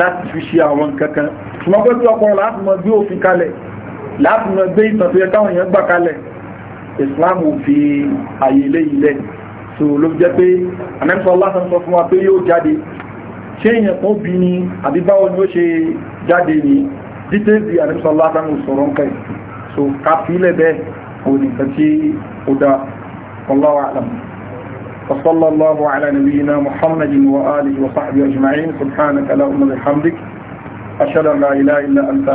láti fi ṣe àwọn kankan ṣùgbọ́n pé tí ọpọlọ láti mọ gbé òfin kalẹ̀ láti mọ gbé ìtàn tó yẹ káwọn èèyàn gbà kalẹ̀ Islam ò fi àyè lé ilẹ̀ so ló jẹ́ pé anẹ́sọ́ lásán sọ fún wa pé yóò jáde ṣe èyàn kan bí ní àbí báwo ni ó ṣe jáde ní dítẹ́sì àrẹ́sọ́lá àtàmù sọ̀rọ̀ nǹkan so ká الله على نبينا محمد وآله وصحبه أجمعين سبحانك لا إله إلا